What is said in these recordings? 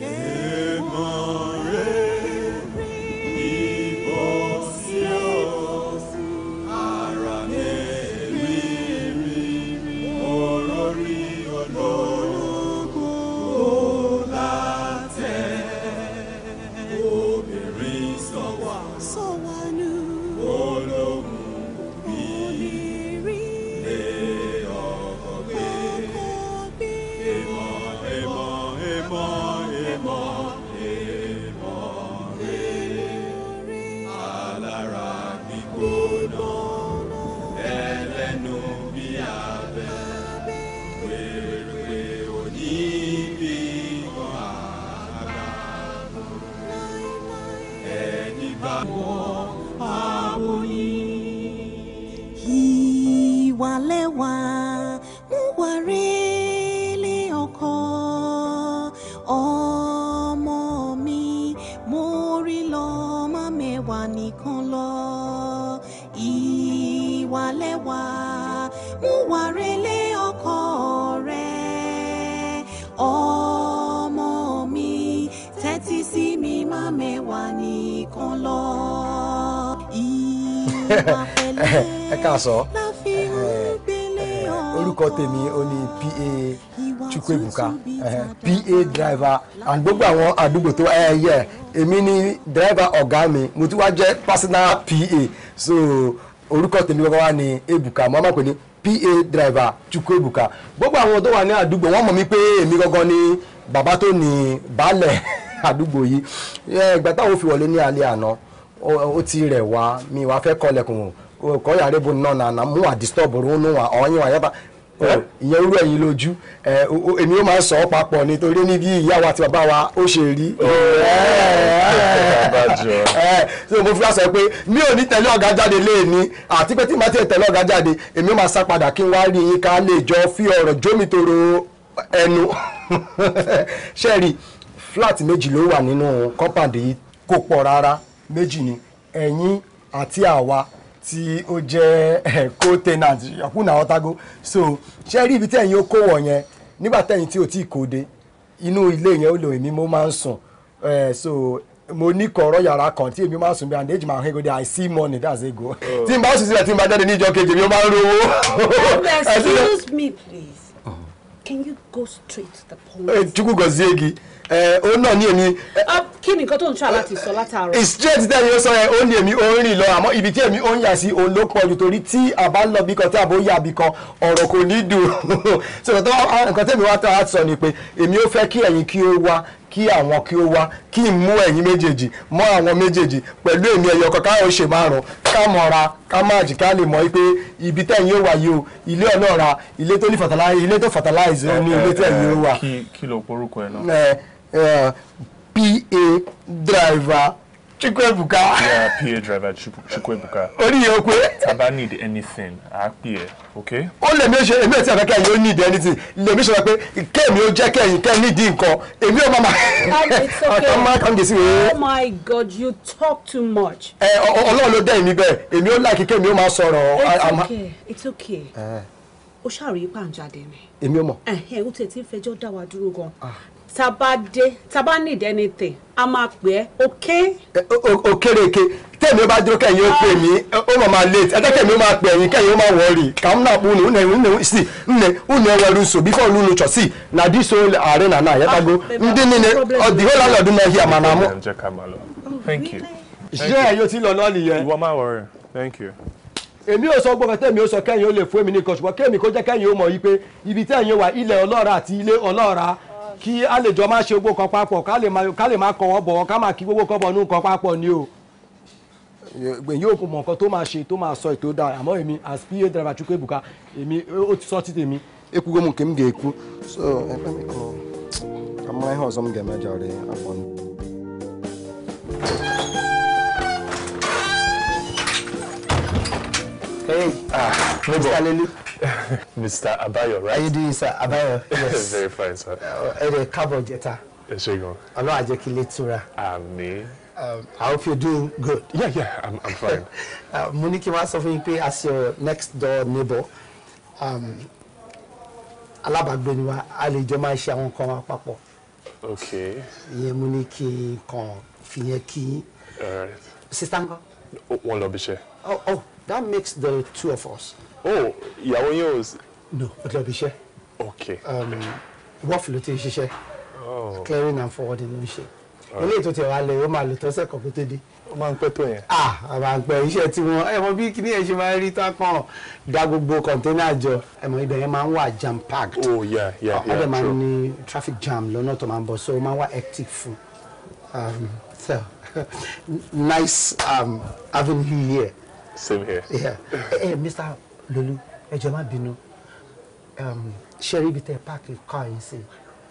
Yeah. sọ eh, eh, eh, orúkọ tèmi ó ní pa Chukwuebuka pa driver and gbogbo àwọn àdúgbò tó ẹ yẹ èmi ni driver ọ̀gá mi mo tún wá jẹ́ personal pa so orúkọ tèmi gbogbo wa ni Ebuka mo máa pè ní pa driver Chukwuebuka gbogbo àwọn tó wà ní àdúgbò wọ́n mọ̀ mí pé èmi gangan ni bàbá tó ní baálẹ̀ àdúgbò yìí ìgbà táwọn fi wọlé ní alẹ́ àná ó ti rẹ̀ wá mi wá fẹ́ kọ́ ka ọ ghara ịbụ nnọọ na na mụnwa distọbụrụ ụnụ nwa ọnyị nwa yaba ìyẹn rú ẹ̀yin lójú èmi ó máa sọ ọ́ papọ̀ nítorí níbi ìyá wa ti bàbá wa ó ṣe rí. so mo fi wá sọ pé mi ò ní tẹ̀lé ọ̀gá jáde léèní àti pé tí màá tiẹ̀ tẹ̀lé ọ̀gá jáde èmi ó kí n wá rí yín ká lè jọ fi ọ̀rọ̀ ẹnu ṣẹ́ẹ̀rì méjì ló wà nínú tí ó jẹ́ eh, co-tenant ọ̀kúnà ọ̀tágó so ṣé rí ibi tẹ̀yìn ó kó wọ̀ yẹn nígbà tẹ̀yìn tí ò tí ì kóde inú ilé yẹn ó lò èmi mo máa ń sùn eh, so mo ní kọ̀ọ̀rọ̀ yàrá kan tí èmi máa ń sùn bí and age máa ń hẹ́gọ́dẹ́ i see money that's a go oh. tí n bá sùn sílẹ̀ tí n bá jáde ní ìjọ kejì èmi ó máa ń rówó. excuse me please oh. can you go straight to the point. Eh, chukwu gọzie gị ọ náà ní èmi kí ni nǹkan tó ń ṣá láti sọ látàárọ̀. straight there yóò sọ ẹ ó ní èmi ó ń rìn lọ àmọ́ ibi tí èmi ó ń yà sí òun ló pọ̀ jù torí tí a bá lọ bí kan tí a bó yà bí kan ọ̀rọ̀ kò ní dùn sọ̀rọ̀ tó nǹkan tẹ̀mí wá tán láti sọ ni pé èmi ó fẹ́ kí ẹ̀yin kí ó wá kí àwọn kí ó wá kí n mú ẹ̀yin méjèèjì mọ́ àwọn méjèèjì pẹ̀lú èmi ẹ̀yọ kan káyọ̀ ṣe márùn ká mọ̀ra ká máàjì ká lè mọ̀ pé ibi tẹ̀yin ó wà o ilé ọlọ́ra ilé tó ní fertilizer ilé tó fertilizer ní ilé tẹ̀yin ó wà. kí ló porúkọ ẹ náà. PA driver Chukwebuka. Yeah, PA driver Chukwebuka. Orí yẹn pé. Taba need anything, a pè ẹ́, okay? Ó lè mi ṣe èmi àti àbẹ̀kẹ́ yìí need anything. Lè mi ṣe pé kéèmí ó jẹ́ kẹ́yìn kẹ́ nídìí nǹkan. Èmi ò máa ma. Ah, Ọ̀tọ̀ máa kàn gé sí mi. Oh my God, you talk too much. Ẹ Ọlọ́run ló dẹ́ èmi bẹ́ẹ̀, èmi ó láìkí kéèmí ó máa sọ̀rọ̀. It's okay, it's okay. Eh. Ó ṣàròyé pàǹjáde mi. Èmi ò mọ̀. Ẹ ẹ o tẹ̀ tí ń fẹjọ́ dá wa dúró gan. Ah. taba dé a máa pè é okay. òkèrèké tẹ̀mí ó bá dúró kẹ̀yìn ó pè mí ó mọ̀ máa late ẹ̀jẹ̀ kẹ̀mí ó máa pè ẹ̀yìn kẹ̀yìn ó máa wọ̀ọ̀rì kàmú náà kùnú nne sí nne chọ na dis whole arena na ayatago ndị niile the whole landlord nọ here ma na mụ. ṣé ẹ yóò ti lọ náà nìyẹn. ìwọ máa wọrẹ thank you èmi ò sọ gbọ́kàn tẹ́mi ò sọ kẹ́yìn ó lè ibi tẹ́yìn wà ilẹ̀ ọlọ́ra àti ilé Ki a lè jọ máa ṣe gbogbo kan papọ̀ ká lè máa kọ̀wọ́ bọ̀ ká máa kí kan bọ̀ papọ̀ ni o gbẹ̀yìn òkú mọ̀ nǹkan tó máa ṣe tó máa sọ ètò àmọ́ èmi as pa driver Chukwu Ebuka èmi ó ti sọ ti tèmi ekwugo m nke m ga-ekwu so kọ ọzọ m Hey, ah, Mr. Mr. Lelu. Mr. Abayo, right? How you doing, sir? Abayo, yes. Very fine, sir. Eh, eh, Ẹ Cabo Jetta. Yes, ṣé go. Ọlọ́run á jẹ́ kí ilé túra. Um, I hope you're doing good. Yeah, yeah, I'm, I'm fine. Uh, Muniki ní kí as your next door neighbor, um, alábàágbé ni wa, a lè jọ máa ṣe àwọn nǹkan wa papọ̀. Okay. Ìyẹn mo ní kí n kàn fìyẹn kí. Sista ń One lọ bíṣẹ́. oh oh that makes the two of us. oh yeah, yín ò. no ó lọ bíṣẹ́. okay. Um, wọ́ọ̀fù ló she? Oh, clearing and forwarding ló ń ṣe ilé ètò tí wàá lè ó máa lè tọ́sẹ̀ kan kó tó dé. ó máa ń pẹ́ tó yẹn. ah àmà ń pẹ́ iṣẹ́ tí wọ́n ẹ mọ bí kíní yẹn ṣe máa ń rí tápọ̀n da gbogbo kọ̀ńténà jọ ẹ mọ ibẹ̀ yẹn máa ń wà jam packed. oh yeah yeah yeah true. ọ̀dẹ̀ máa ń ní traffic jam lọ́nà tó máa ń bọ̀ so ó máa ń wà hectic fún. Um, so nice um, having you here. Same here. Yeah. hey, eh, eh, Mr. Lulu. Hey, jọ̀ọ́ má Um, Sherry, rí ibi tẹ́ páàkì car yín sí.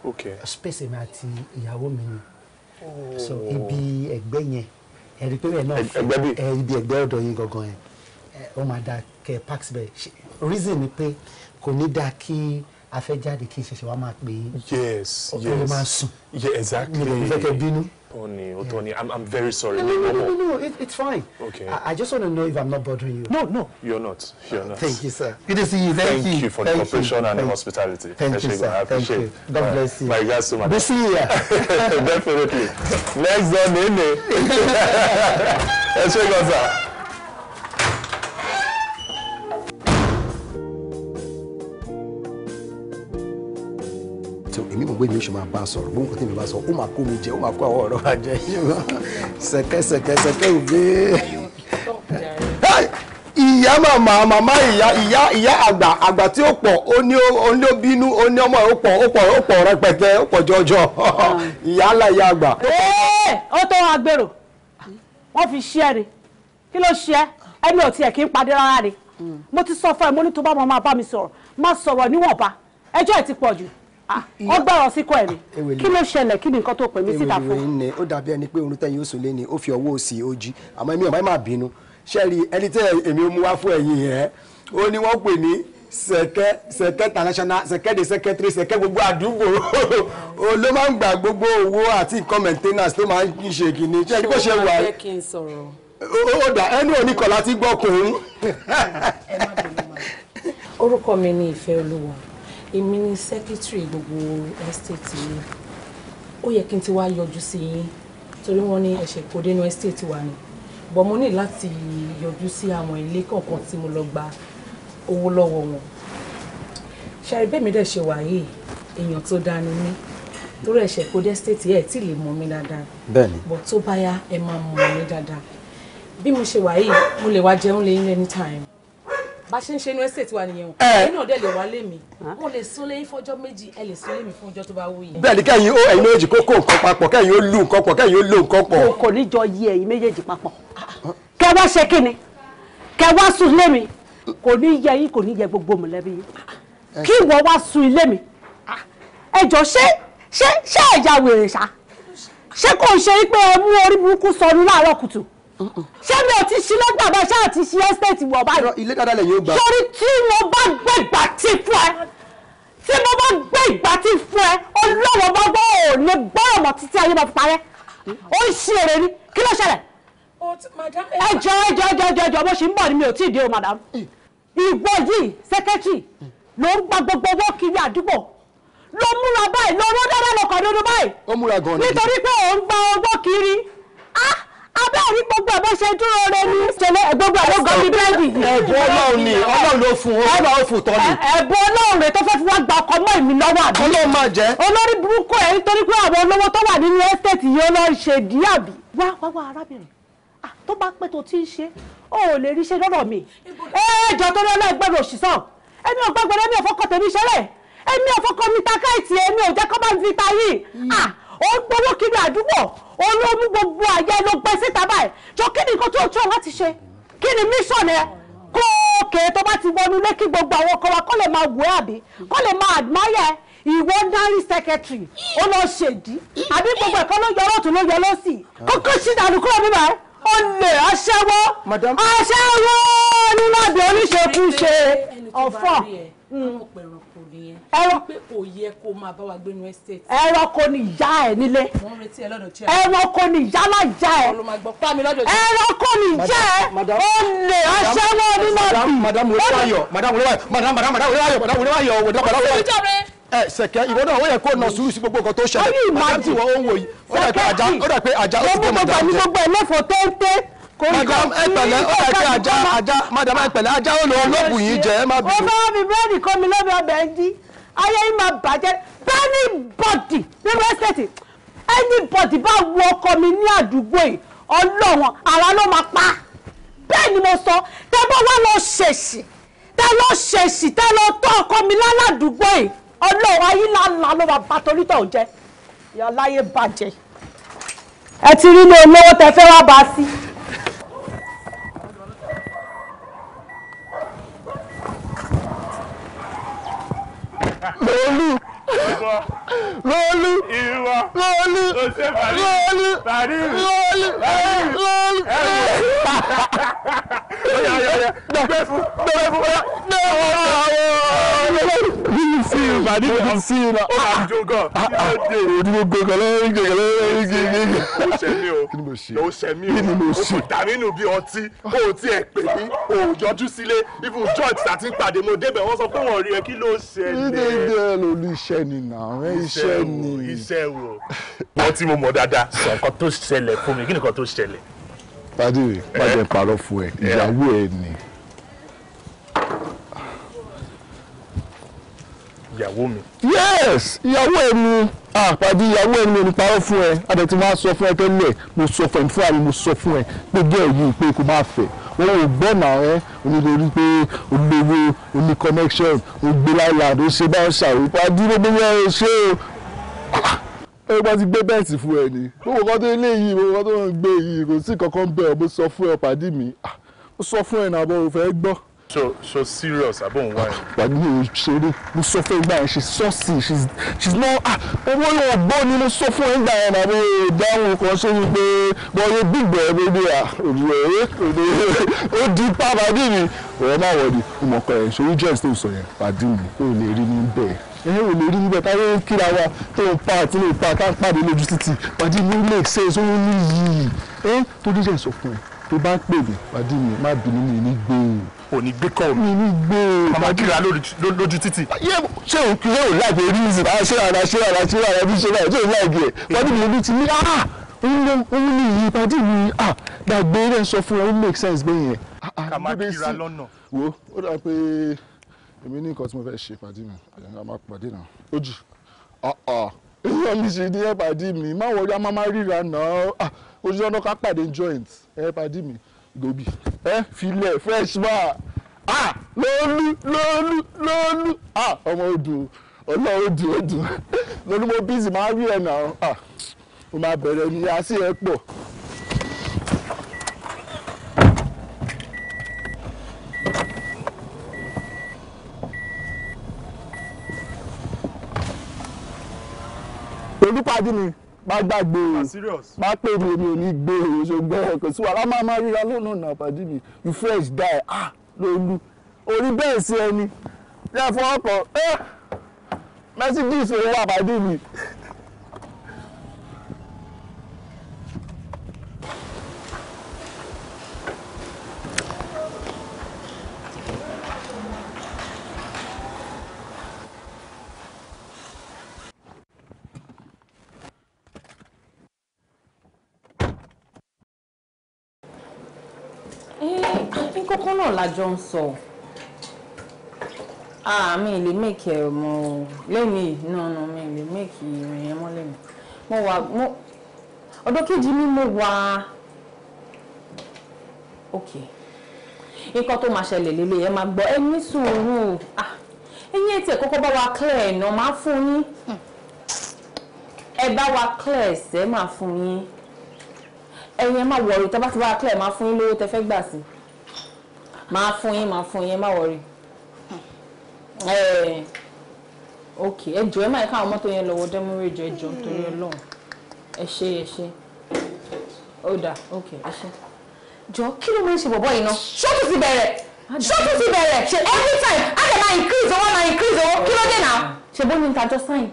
Okay. Space mi àti ìyàwó mi ni. Oh. So ibi ẹ̀gbẹ́ yẹn. Ẹ rí pé bẹ́ẹ̀ náà. Ẹ̀gbẹ́ bí. Ẹ ibi ẹ̀gbẹ́ ọ̀dọ̀ yín gangan yẹn. Ó máa da kẹ́ páàkì síbẹ̀. Reason ni pé kò ní da kí afẹ́jáde kí ṣẹ̀ṣẹ̀ wá máa pè é. Yes, yes. Ọkùnrin máa sùn. Yeah, exactly. Mi ò fẹ́ kẹ́ bínú. Otoni, Tony, yeah. Oh, I'm, I'm very sorry. No, no, no, no, no, no. It, it's fine. Okay. I, I just want to know if I'm not bothering you. No, no, you're not. You're not. Thank you, sir. Good to see you. Thank, thank you. you for thank the cooperation and thank the hospitality. Thank you, sir. I appreciate thank you. God uh, bless you. My regards to my. We'll see you. Definitely. Next go, Nene. Let's go, sir. gbé mi oṣù máa bá sọ̀rọ̀ bó ń kọ́ tí mi bá sọ ó máa kó mi jẹ ó máa kó àwọn ọ̀rọ̀ wa jẹ sẹ̀kẹ́sẹ̀kẹ́sẹ̀kẹ́ òbí. ìyá màmá màmá ìyá ìyá ìyá àgbà àgbà tí ó pọ̀ ó ní ó ní ó bínú ó ní ọmọ ó pọ̀ ó pọ̀ ó pọ̀ rẹpẹtẹ ó pọ̀ jọjọ ìyá ńlá ìyá àgbà. ee ó tó agbèrò wọn fi ṣí ẹ rè kí ló ṣe ẹ ẹni ò tiẹ̀ kí ń padé rárá rè mo ti sọ fún ẹ mo ní tó bá mọ máa bá mi sọ̀rọ̀ má sọ̀rọ̀ níwọ̀nba ẹjọ́ ẹ ti pọ̀ jù ó gbọ́rọ̀ síkọ̀ ẹ̀ mi kí ló ṣẹlẹ̀ kí ni nǹkan tó pè mí síta fún. èmi ni ó dàbí ẹni pé orun tẹ́yìn oṣù lé ni ó fi ọwọ́ òsì ojí àmọ́ èmi ọ̀mọ́ ẹ̀ má bínú ṣẹ́ẹ̀rì ẹni tẹ́ èmi mú wá fún ẹ̀yìn ẹ̀ ó ní wọ́n pè ní sẹ̀kẹ́ sẹ̀kẹ́ international sẹ̀kẹ́ de sẹ̀kẹ́tírì sẹ̀kẹ́ gbogbo àdúgbò ló máa ń gbà gbogbo owó àti nǹkan maintenance ló máa ń ṣe kìíní ṣẹ́ẹ̀rì bó ṣe wà ó dà ẹnu oníkọ̀ láti gbọ́kùnrin. orúkọ mi ni ìfẹ́ olúwa èmi ni secretary gbogbo estate yìí ó yẹ kí n ti wá yọjú sí yín torí wọ́n ní ẹ̀ṣẹ̀ kò dénú estate wa ni bọ̀ mo ní láti yọjú sí àwọn ilé kọ̀ọ̀kan tí mo lọ gba owó lọ́wọ́ wọn ṣàrí bẹ́ẹ̀ mi dẹ̀ ṣe wà yìí èèyàn tó dání ní torí ẹ̀ṣẹ̀ kò dé estate ẹ̀ tí lè mọ̀ mí dáadáa bẹ́ẹ̀ni bọ̀ tó bá yá ẹ máa mọ̀ mí dáadáa bí mo ṣe wà yìí mo lè wá jẹun lẹ́yìn anytime bá ṣe ń ṣe inú ẹsẹ̀ tiwa nìyẹn o eh. ẹ̀yin náà dẹ̀ lè wá lé mi mo lè sún lẹ́yìn fọjọ́ méjì ẹ lè sún lé mi fún ọjọ́ tó bá wù yín. bẹ́ẹ̀ni kẹyìn ó ẹ̀yin méjèèjì kó kó nǹkan papọ̀ kẹyìn ó lu nǹkan pọ̀ kẹyìn ó lo nǹkan pọ̀. kò ní jọ yí ẹ̀yin méjèèjì papọ̀ kẹ wá ṣe kí ni kẹ wá sún lé kò ní yẹ yín kò ní yẹ gbogbo mọ̀lẹ́bí yín kí ìwọ wá sún ilé ẹ jọ ṣé ṣé ṣé ẹ̀yà wèrè ṣá ṣé kò ń ṣe pé ẹ mú orí burúkú sọnù láàárọ̀ kùtù ṣé mi ò ti ṣí lọ́gbà bá ṣáà ti ṣí ẹ́stéètì wọ̀ báyìí. ilé dáadáa lè yóò gbà. sórí tí mo bá gbé ìgbà tí fún ẹ tí mo bá gbé ìgbà tí fún ẹ ọlọ́wọ́ bá bọ́ ò lè gbọ́rọ̀ mọ́ títí ayé máa fi parẹ́ ó ń ṣe èrè ni kí ló ṣẹlẹ̀. ẹjọ ẹjọ ẹjọ ẹjọ ẹjọ bó ṣe ń bọ̀ ni mi ò tí ì dé o madam ìwọ yìí sẹkẹtì ló ń gba gbogbo owó kiri àdúgbò ló múra báyìí ló rọ́ dáadáa lọkàn dodo báyìí nítorí pé òun gba owó kiri ah abẹ́ẹ̀rí gbogbo ẹ̀bọ́ ṣe dúró rẹ ní ìṣẹ̀lẹ̀ gbogbo ẹ̀bọ́ gan ní bírẹ́dì yìí. ẹ̀bùn ọlọ́run ni ọlọ́run ló fún un ọlọ́run ló fún un tọ́ni. ẹ̀bùn ọlọ́run rẹ tó fẹ́ fi wá gba ọkọ mọ́ èmi lọ́wọ́ àbí. ọlọ́run máa jẹ́. olórí burúkú ẹ̀ nítorí pé àwọn olówó tó wà nínú ẹ́stéètì yìí ló ń ṣe dí àbí. wá wá wá arábìnrin tó bá pẹ́ tó ti ń ṣe ó lè rí iṣẹ́ lọ́rọ̀ mi. ẹ̀ẹ́dọ̀ tó ní ọlọ́ọ̀gbẹ́rún òṣìṣàn ẹni ọ̀gbọ́gbẹ́rẹ́ mi ò fọkàn tèmi ṣẹlẹ̀ ẹni ọ̀fọkàn mi ta káìtì ẹni ò jẹ́ kọ́ bá ń fi ta yìí ó ń gbowó kiri àdúgbò olóòmù gbogbo àyà ló gbẹ síta báyìí jọ kí ni nǹkan tó tó láti ṣe kí ni mission ẹ kó òkè tó bá ti wọnú lé kí gbogbo àwọn ọkọ wa kó lè máa wò ẹ́ àbí kó lè máa admire ẹ ìwọ nari secretary ó lọ ṣèdí àbí gbogbo ẹ̀kọ́ ló yọ ọ̀tún ló yọ lọ́sì kókó sí ìdàlú kúrò níbà ẹ́ ó lè aṣẹ́wó aṣẹ́wó nínú àbí oníṣekúṣe ọ̀fọ̀ ẹranko kò yẹ kó máa bá wa gbé nu estate. ẹranko ni ìyá ẹ nílé. mo ń retí ẹ lọ́dọ̀ tí a. ẹranko ni ìyá máa já ẹ. olùmọ̀ àgbọ̀ pa mi lọ́dọ̀ tí a. ẹranko ni ìyá ẹ. o lè aṣẹ́wó onímọ̀. madam olúwayọ madam olúwayọ madam madam madam olúwayọ madam olúwayọ òwòdó padà wọlé. ẹ sẹkẹ ìwọ náà wọ́n yẹ kó nà sùúrù sí gbogbo nǹkan tó ṣẹlẹ̀. ọyún ìmájì ó dà pé ajá ó ti dé madam madam ẹ pẹ̀lẹ́ ó yẹ kí ajá ajá madam ẹ pẹ̀lẹ́ ajá ó lọ ọlọ́bù yìí jẹ ẹ má bínú. ó fẹ́ mi bẹ́ẹ̀ nìkan mi lọ́bẹ̀ ọbẹ̀ ń dí ayé yìí máa bàjẹ́ bẹ́ẹ̀ni bọ́dì nínú ẹ́sẹ̀tì ẹni bọ́dì bá wọ ọkọ mi ní àdúgbò yìí ọlọ́wọ́n ara ló máa pa bẹ́ẹ̀ ni mo sọ tẹ́ bá wá lọ ṣèṣì tẹ́ lọ ṣèṣì tẹ́ lọ tọ́ ọkọ mi láládùúgbò yìí ọlọ́wọ́n ayé làlá ló máa bá torítọ̀ jẹ́ ìyá láyé bàjẹ́ ẹ ti rí ilé olówó tẹ́ fẹ́ wá bá sí. lóòlù lóòlù lóòlù lóòlù lóòlù lóòlù. Oya oya oya gbẹ fún gbẹ fún oya gbẹ fún. Bí sí ìbá ní bí sí ìlà. Ó máa jó gan. Òdìbò gbogbo lórí gbogbo lórí gbogbo. Ó ṣe mí o. Kí ni mo ṣe? Ó ṣe mí o. Kí ni mo ṣe? Ó kò dà nínú bí ọtí. Kó o tiẹ̀ pè mí. O ò yọjú sílé. Ifu church àti pàdé mo débẹ̀ wọ́n sọ pé wọ́n rí ẹ kí ló ṣẹlẹ̀. Ilé ilé lórí iṣẹ́ ni nà. Iṣẹ́ ni. Iṣẹ́ wo? Wọ́n tí mo mọ̀ dáadáa. Sọ̀kan tó ṣẹlẹ̀ fún mi. Kí nìkan tó ṣẹlẹ̀? pàdé eh. pàdé parọ́ fún ẹ eh. ìyàwó ẹ ni. ìyàwó mi. yes ìyàwó ẹ ni àpàdé ìyàwó ẹ ni mo parọ́ fún ẹ adẹ̀tí máa sọ fún ẹ tẹ́lẹ̀ mo sọ fún ẹ fún àmì mo sọ fún ẹ pé gẹ́ẹ̀ yìí pé kò máa fẹ́ wọn ò gbọ́ náà ẹ onítorí pé olówó oní connection ògbéláyà ló ṣe bá ń ṣàwípa dúró bí wọ́n ṣe o ẹ bá ti gbé bẹ́ẹ̀sì fún ẹ ni gbogbo kan tó ilé yìí gbogbo kan tó ń gbé yìí kò sí kankan bẹ́ẹ̀ mo sọ fún ẹ pàdí mi ah, mo sọ fún ẹ nàbọ̀ ò gbọ́ so so serious abo n wa ẹ. wàgbé o ṣeré mo sọ fún ìgbà yẹn ṣe sọ́ọ̀sì she's not ah owó yóò gbọ́ ni mo sọ fún ìgbà yẹn náà mo dáhùn kan ṣé ni pé bọ́ọ̀lù gbígbẹ́ ẹ bébí à òdìwọ̀ ẹ ó di pápá bí mi ọ̀rọ̀ máa wọ̀ ni mo mọ̀ pé ẹ̀ ṣorí jẹ́ǹsì tó sọ yẹn pàdé mi ò lè rí ní bẹ́ẹ̀ ẹ̀hìn ò lè rí níbẹ̀ táwọn ń kíra wa tó ń pa àti lè pa ká pàdé lójú títì pàdé mi lè ṣe é sóhun ní yìí ẹ́ tó díjẹ́ òní gbé kọ́ mi. mi ní gbé e. màmá kíra lójú títì. ṣé òun kí yóò láàbẹ̀ rí ìsìn. ṣé ara ṣé ara ṣé ara bí ṣe báyìí ṣé òun láàbẹ̀ ẹ̀. wọ́n ní ìlú ti ní ah! òun ní ìyí padì mi gbàgbé ah! rẹ̀ sọ fún ẹ ó make sense bẹ́ẹ̀ yẹn. Ah, kàmá kíra lọ́nà. wo ó dà pé èmi ní nǹkan tí mo fẹ́ ṣe pàdé mi àyànká máa pàdé náà ó jì èèyàn mi ṣe ní ẹ̀pàdé mi máa wọlé a máa máa ríra náà ojú ọ̀nà ká pàdé joint ẹ̀pàdé mi gòbí ẹ filẹ̀ freshman ah lóòlù lóòlù lóòlù ah ọmọ odò ọlọ́ odò odò lórí mo bísí máa rí ẹ̀ náà ah mo máa bẹ̀rẹ̀ ní así ẹ̀ pọ̀. olùpàdé mi má gbàgbé o má pè mí mi ò ní gbé o ṣùgbọ́n kò sí wàhálà máa máa ríra lónà náà pàdé mi you fresh die ah lólu orí bẹ́ẹ̀ sí ẹni tẹ́ fọ́ ọkọ̀ ẹ́ eh! mẹ́sídìsì owó àpàdé mi. náà lájọ ń sọ àmì ìlè mèkì ẹ̀ mọ́ lẹ́nu ìnáná mi ìlè mèkì ìrìn ẹ̀ lẹ́nu mo wà mo ọdọ kejì ni mo wà ok nǹkan tó máa ṣẹlẹ̀ lélẹ̀ ẹ máa gbọ́ ẹ ní sùúrù ẹ̀yin ẹ̀ tí ẹ̀ kọ́kọ́ bá wa clear ẹ̀ náà máa fún yín ẹ bá wa clear ẹ̀sẹ̀ máa fún yín ẹ̀yin ẹ máa wọ̀rì tó bá ti bá wa clear máa fún yín lówó tẹ fẹ́ gbà sí i. Ma fún yín ma fún yín ma wọrí hmm. eh, ok ẹ jọ̀ọ́ ẹ máa ká àwọn mọ́tò yẹn lọ́wọ́ dẹ́múrèjọ ẹ jọ̀ọ́ nítorí Ọlọ́run ẹ ṣe ẹ ṣe ó dà ok ẹ ṣe. jọ kí ló máa ń ṣe bọ̀bọ̀ yìí náà ṣọ́ọ̀tù ti bẹ̀rẹ̀ ṣọ́ọ̀tù ti bẹ̀rẹ̀ ṣe every time a lè máa increase owó máa increase owó kí ló dé náà ṣe bó ni n ta jọ sign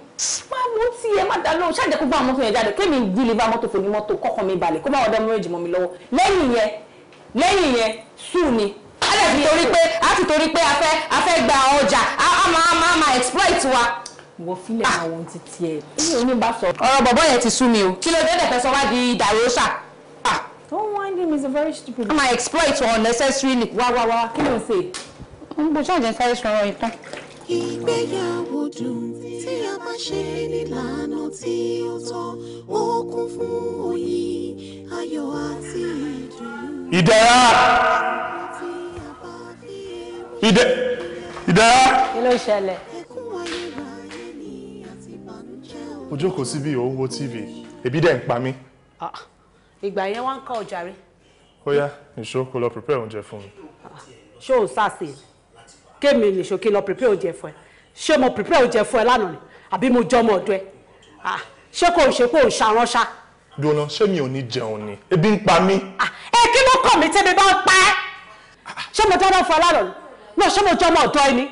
má mú tí ẹ má dá lóhùn ṣáàjẹ kó gbá àwọn mọ́tò yẹn jáde kémi deliver bá mọ́tò fò ní mọ́tò kọ́kọ́ mi balẹ̀ kó má wọ́n dẹ́múrèjì mọ́ mi lọ́wọ́ lẹ́yìn yẹn lẹ́yìn yẹn sùn ni torí pé a ti torí pé a fẹ́ a fẹ́ gba ọjà a máa máa máa exploit wa wọ fílẹ̀ àwọn títí ẹ̀ ní oníbà sọ. ọ̀rọ̀ bọ̀bọ̀ yẹn ti sú mi o kí ló dé dẹ̀ fẹ́ wá di ìdàrúṣà. Ah. don't mind him he's a very stupid. I'm exploit unnecessarily. wá wá wá kí ló ń ṣe. ń bọ ṣáàjẹ́ sáré sọ̀rọ̀ yìí ìgbéyàwó dùn tí a bá ṣe nílànà tí ó tọ́ ó fún òyìn ayọ̀ àti ìdùnnú. ìdẹ̀ra ìdẹ ìdẹ̀ra. kí ló ṣẹlẹ̀. mo jókòó síbi ò ń wo tv ebi dẹ̀ ń pa mí. Ah, ìgbà yẹn wá ń kọ́ ọjà ó yá nìṣó kó lọ prepare oúnjẹ fún mi. ṣé o sàṣe kémi nìṣó kí lọ prepare oúnjẹ fún ẹ ṣé mo prepare oúnjẹ fún ẹ lánàá ni àbí mo jọ ọmọ ọ̀dọ̀ ẹ ah, ṣé kò ń ṣe kò ń ṣàránṣá. gbóná ṣé mi ò ní jẹun ni ebi ń pa mí. Ah, ẹ kí ló kọ̀ mí tẹ́bi bá ń pa ẹ́ ṣé mo dáná fún ẹ lánàá ni náà ṣé mo jọ ọmọ ọ̀dọ́ ẹni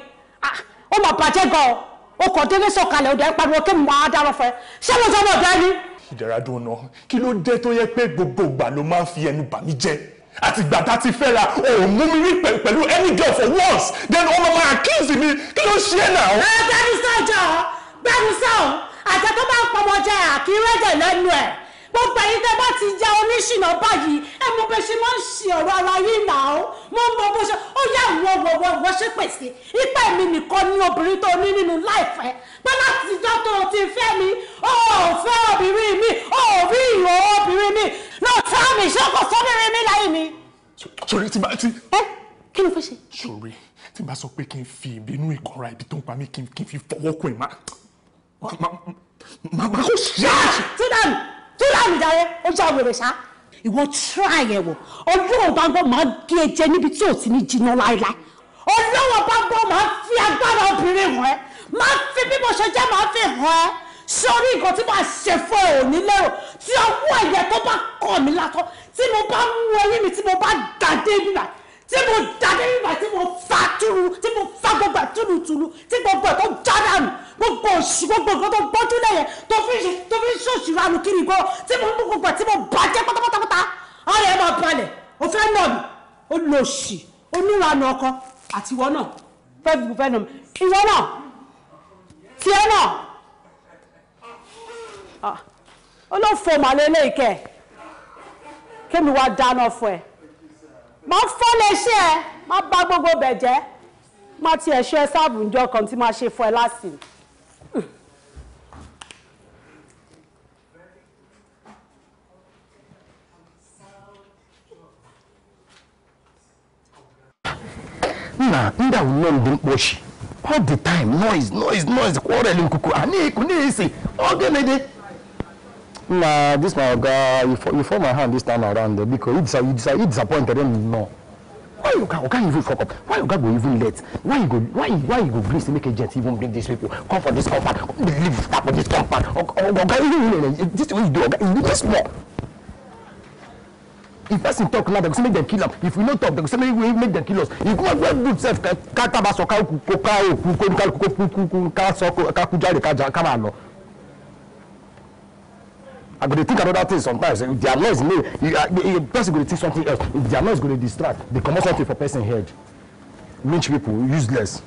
ó mà bàjẹ́ gan-an o kò délé sọ̀kalẹ̀ ọ̀dọ̀ ẹ pariwo kí mo máa dáná fún ẹ ṣé mo jọ ọmọ ọ̀dọ́ ẹni. ìdáradún náà kí ló dé tó yẹ pé gbogbo ìgbà ló máa ń fi ẹnu bà mí jẹ́ àti ìgbà tá a ti fẹ́ ra òun mú mi rí pẹ̀lú any girl for once then ọmọ máa accuse mi kí ló ṣe é náà. ẹ bẹ́ẹ̀ ni sọ́jọ́ bẹ́ẹ̀ ni sọ́ọ̀ àtẹ tó bá ń pọmọ jẹ àkírẹ́jẹ̀ lẹ́nu ẹ̀ gbogbo ẹ̀yin tẹ́ bá ti jẹ́ oníṣìnà báyìí ẹ mọ bẹ ṣe máa ń ṣe ọ̀rọ̀ ara yín là ó mo ń bọ bó ṣe ó yà wọ wọ wọ ṣe pèsè ipa èmi nìkan ni obìnrin tó ní nínú láìfẹ́ pé láti ìjọ́ tó ti fẹ́ mi ó fẹ́ obìnrin mi ó rí ìhò obìnrin mi lọ́ọ̀tà mi ṣọ́kọ̀ sọ́bìnrin mi láyé mi. sori ti ba ti. ẹ kí ló fẹ́ ṣe. sori tí n sọ pé kí n fi ìbínú ìkọra ibi tó ń pa mí kí n fi fọwọ́ kún ẹ̀ má má má kó ṣe é. sídàmù tó láàmì dáre ó já wèrè ṣá ìwọ tíra yẹn ọlọ́wọ́ bá gbọ́ máa gé e jẹ níbi tí ò ti ní jiná láéláé ọlọ́wọ́ bá gbọ́ máa fi agbára obìnrin hàn ẹ́ máa fi bí mo ṣe jẹ́ máa fi hàn ẹ́ sórí nǹkan tí màá ṣe fún ẹ òní lérò tí ọwọ́ ẹ̀yẹ tó bá kọ̀ mí látọ̀ tí mo bá mú ẹyín mi tí mo bá dàdé nígbà tí mo dà débi tí mo fa túlu tí mo fa gbogbo àtúlù túlu tí gbogbo ẹ̀ tó já dànù gbogbo òṣì gbogbo nǹkan tó gbọ́jú lẹ́yìn tó fi tó fi ṣòṣì ránu kiri gan tí mo mú gbogbo tí mo bàjẹ́ pátápátápátá ọ̀rẹ́ ẹ̀ máa balẹ̀ o fẹ́ nà mí o lò ṣì oníranà ọkọ àtiwọ́ náà fẹ́ fi fẹ́ nà mí ìwọ náà tiẹ̀ náà ah, olófò màlẹ́ lẹ́yìn kẹ́ kémi wá dáná fún ẹ. ma fọ́ lè ṣe ẹ máa bá gbogbo bẹ̀ jẹ́ máa tiẹ̀ ṣe ẹ sáàbù ǹjọ́ kan tí máa ṣe fọ ẹ lásìkò. nna ndị ahụ nne m dị mkpochi all the time noise noise noise kwọrọ elu nkuku a na-eku na ọ gịnị dị na this my oga you fall my hand this time around eh because you disappointed dem no why you oga even fuck up why oga go even let why you go why why you go gree say make a agent even bring dis people come for this compound leave tap for dis compound oga even you this way you do oga you dey small if person talk loud dem go say make dem kill am if we no talk dem go say make dem kill us if one wey do sef ká tabasọ ká kukó ká òkú kó ká kukó kú ká sọ ká kú jáde ká máa lọ. I go dey think another thing sometimes. Eh, their noise may a uh, person go dey think something else. Their noise go dey distract. Dey comot something for person head. Rich people useless.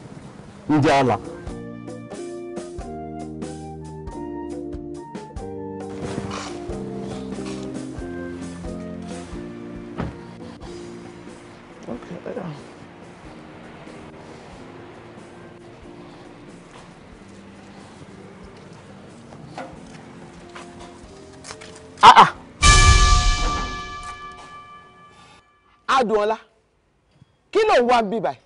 Ndia Allah. Adùnọlá kí ló wá ń bí báyìí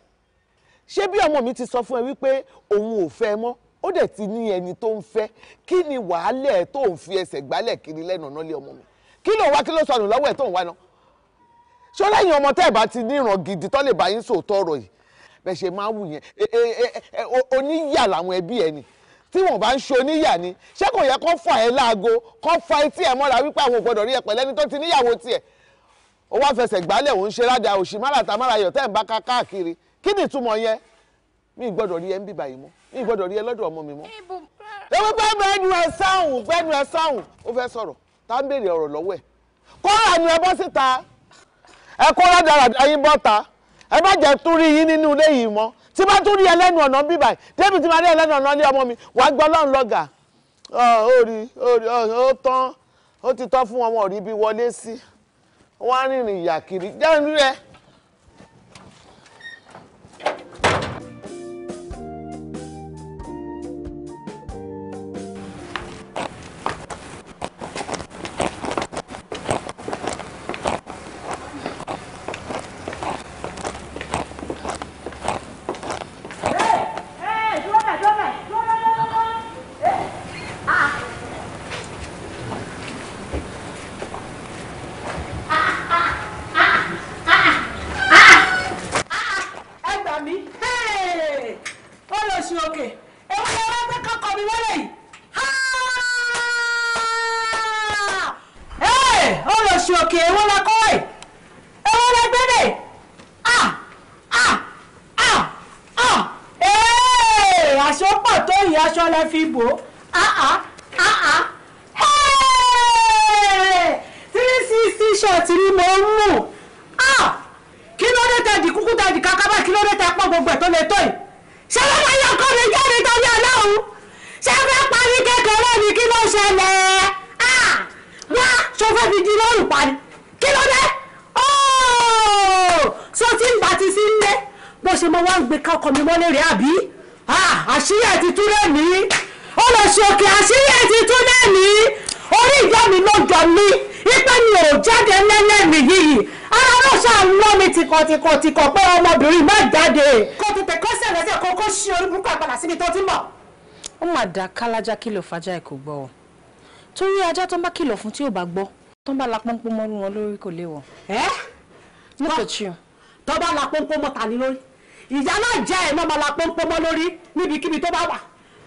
ṣé bí ọmọ mi ti sọ fún ẹ wípé òun ò fẹ́ mọ́ ó dẹ̀ ti ní ẹni tó ń fẹ́ kí ni wàhálẹ̀ ẹ̀ tó ń fi ẹsẹ̀ gbálẹ̀ kiri lẹ́nu ọ̀nà lé ọmọ mi kí ló wá kí ló sọnù lọ́wọ́ ẹ̀ tó ń wá náà ṣó lẹ́yìn ọmọ tẹ́ ẹ̀ bá ti ní ìran gidi tó lè bá yín sòótọ́ ọ̀rọ̀ yìí bẹ́ẹ̀ ṣe máa wù yẹn oníyà làwọn ẹbí ẹ ni tí wọ́n bá ń ṣe oníyà ni ṣé kò yẹ kó fà ẹ́ láago kó fa etí ẹ̀ mọ́ra wípé àwọn ò gbọ́dọ̀ rí ẹ pẹ̀lẹ́ni tó ti níyàwó tiẹ̀ ó wá fẹsẹ̀ gbálẹ̀ òun ṣe ládàá òṣì márata márayọ̀ tẹ́ ń bá ká káàkiri kí ni ìtumọ̀ yẹn mi gbọ́dọ̀ rí ẹ ń bíbá yìí mi gbọ́dọ̀ rí ẹ lọ́dọ̀ ọmọ mi mọ́. ewu gbẹ́nu ẹnu ẹ sáhùn ẹ sáhùn ó fẹ́ sọ̀rọ̀ tá ń béèrè ọ̀rọ̀ lọ́wọ́ ẹ̀ síta ẹ bọ́ ta ẹ jẹ́ yín nínú ilé yìí mọ́ tí bá ẹ lẹ́nu ọ̀nà yìí débi tí máa rí ẹ lẹ́nu ọ̀nà ilé ọmọ mi gbọ́ wọ́n á rìnrìn ìyà kiri jẹ́nu rẹ̀ alájà kìlọ̀ fàjà ẹ̀ kò gbọ́ ọ torí ajá tó ń bá kìlọ̀ fún tí ò bá gbọ́ tó ń bá la pọ́npọ́n mọ́rú wọn lórí kò lè wọ̀. ẹ look at you. tó bá la pọ́npọ́n mọ́ ta ni lórí ìyá náà jẹ́ ẹ̀ náà máa la pọ́npọ́n mọ́ lórí níbikíbi tó bá wà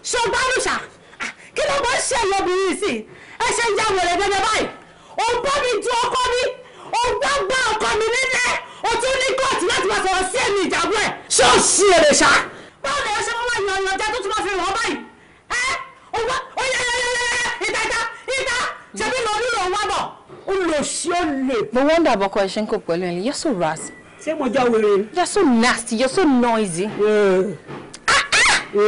ṣé o gbárùn ṣá ah, kí ló bá ṣe ẹ̀yọ́ obìnrin sí ẹ ṣe ń já wèrè dẹ́dẹ́ báyìí òun bá mi ju ọkọ mi òun bá gbá ọkọ mi nílẹ̀ o tún ní kóòtù láti máa sọ̀rọ̀ sí o ṣí èrè ṣá báwo ni ẹ ṣe máa yan ó wá ó yẹ yẹ yẹ Ita, ita! ìta ìta ṣebí lọ nílò wá bọ̀. ó lọ sí ó lè. mo wọ́ndà àbọ̀kọ ẹ̀ ṣe ń kó pẹ̀lú ẹ̀ you're so raspy. ṣé mo já wèrè. you're so nasty you're so noisy. Ah, ah!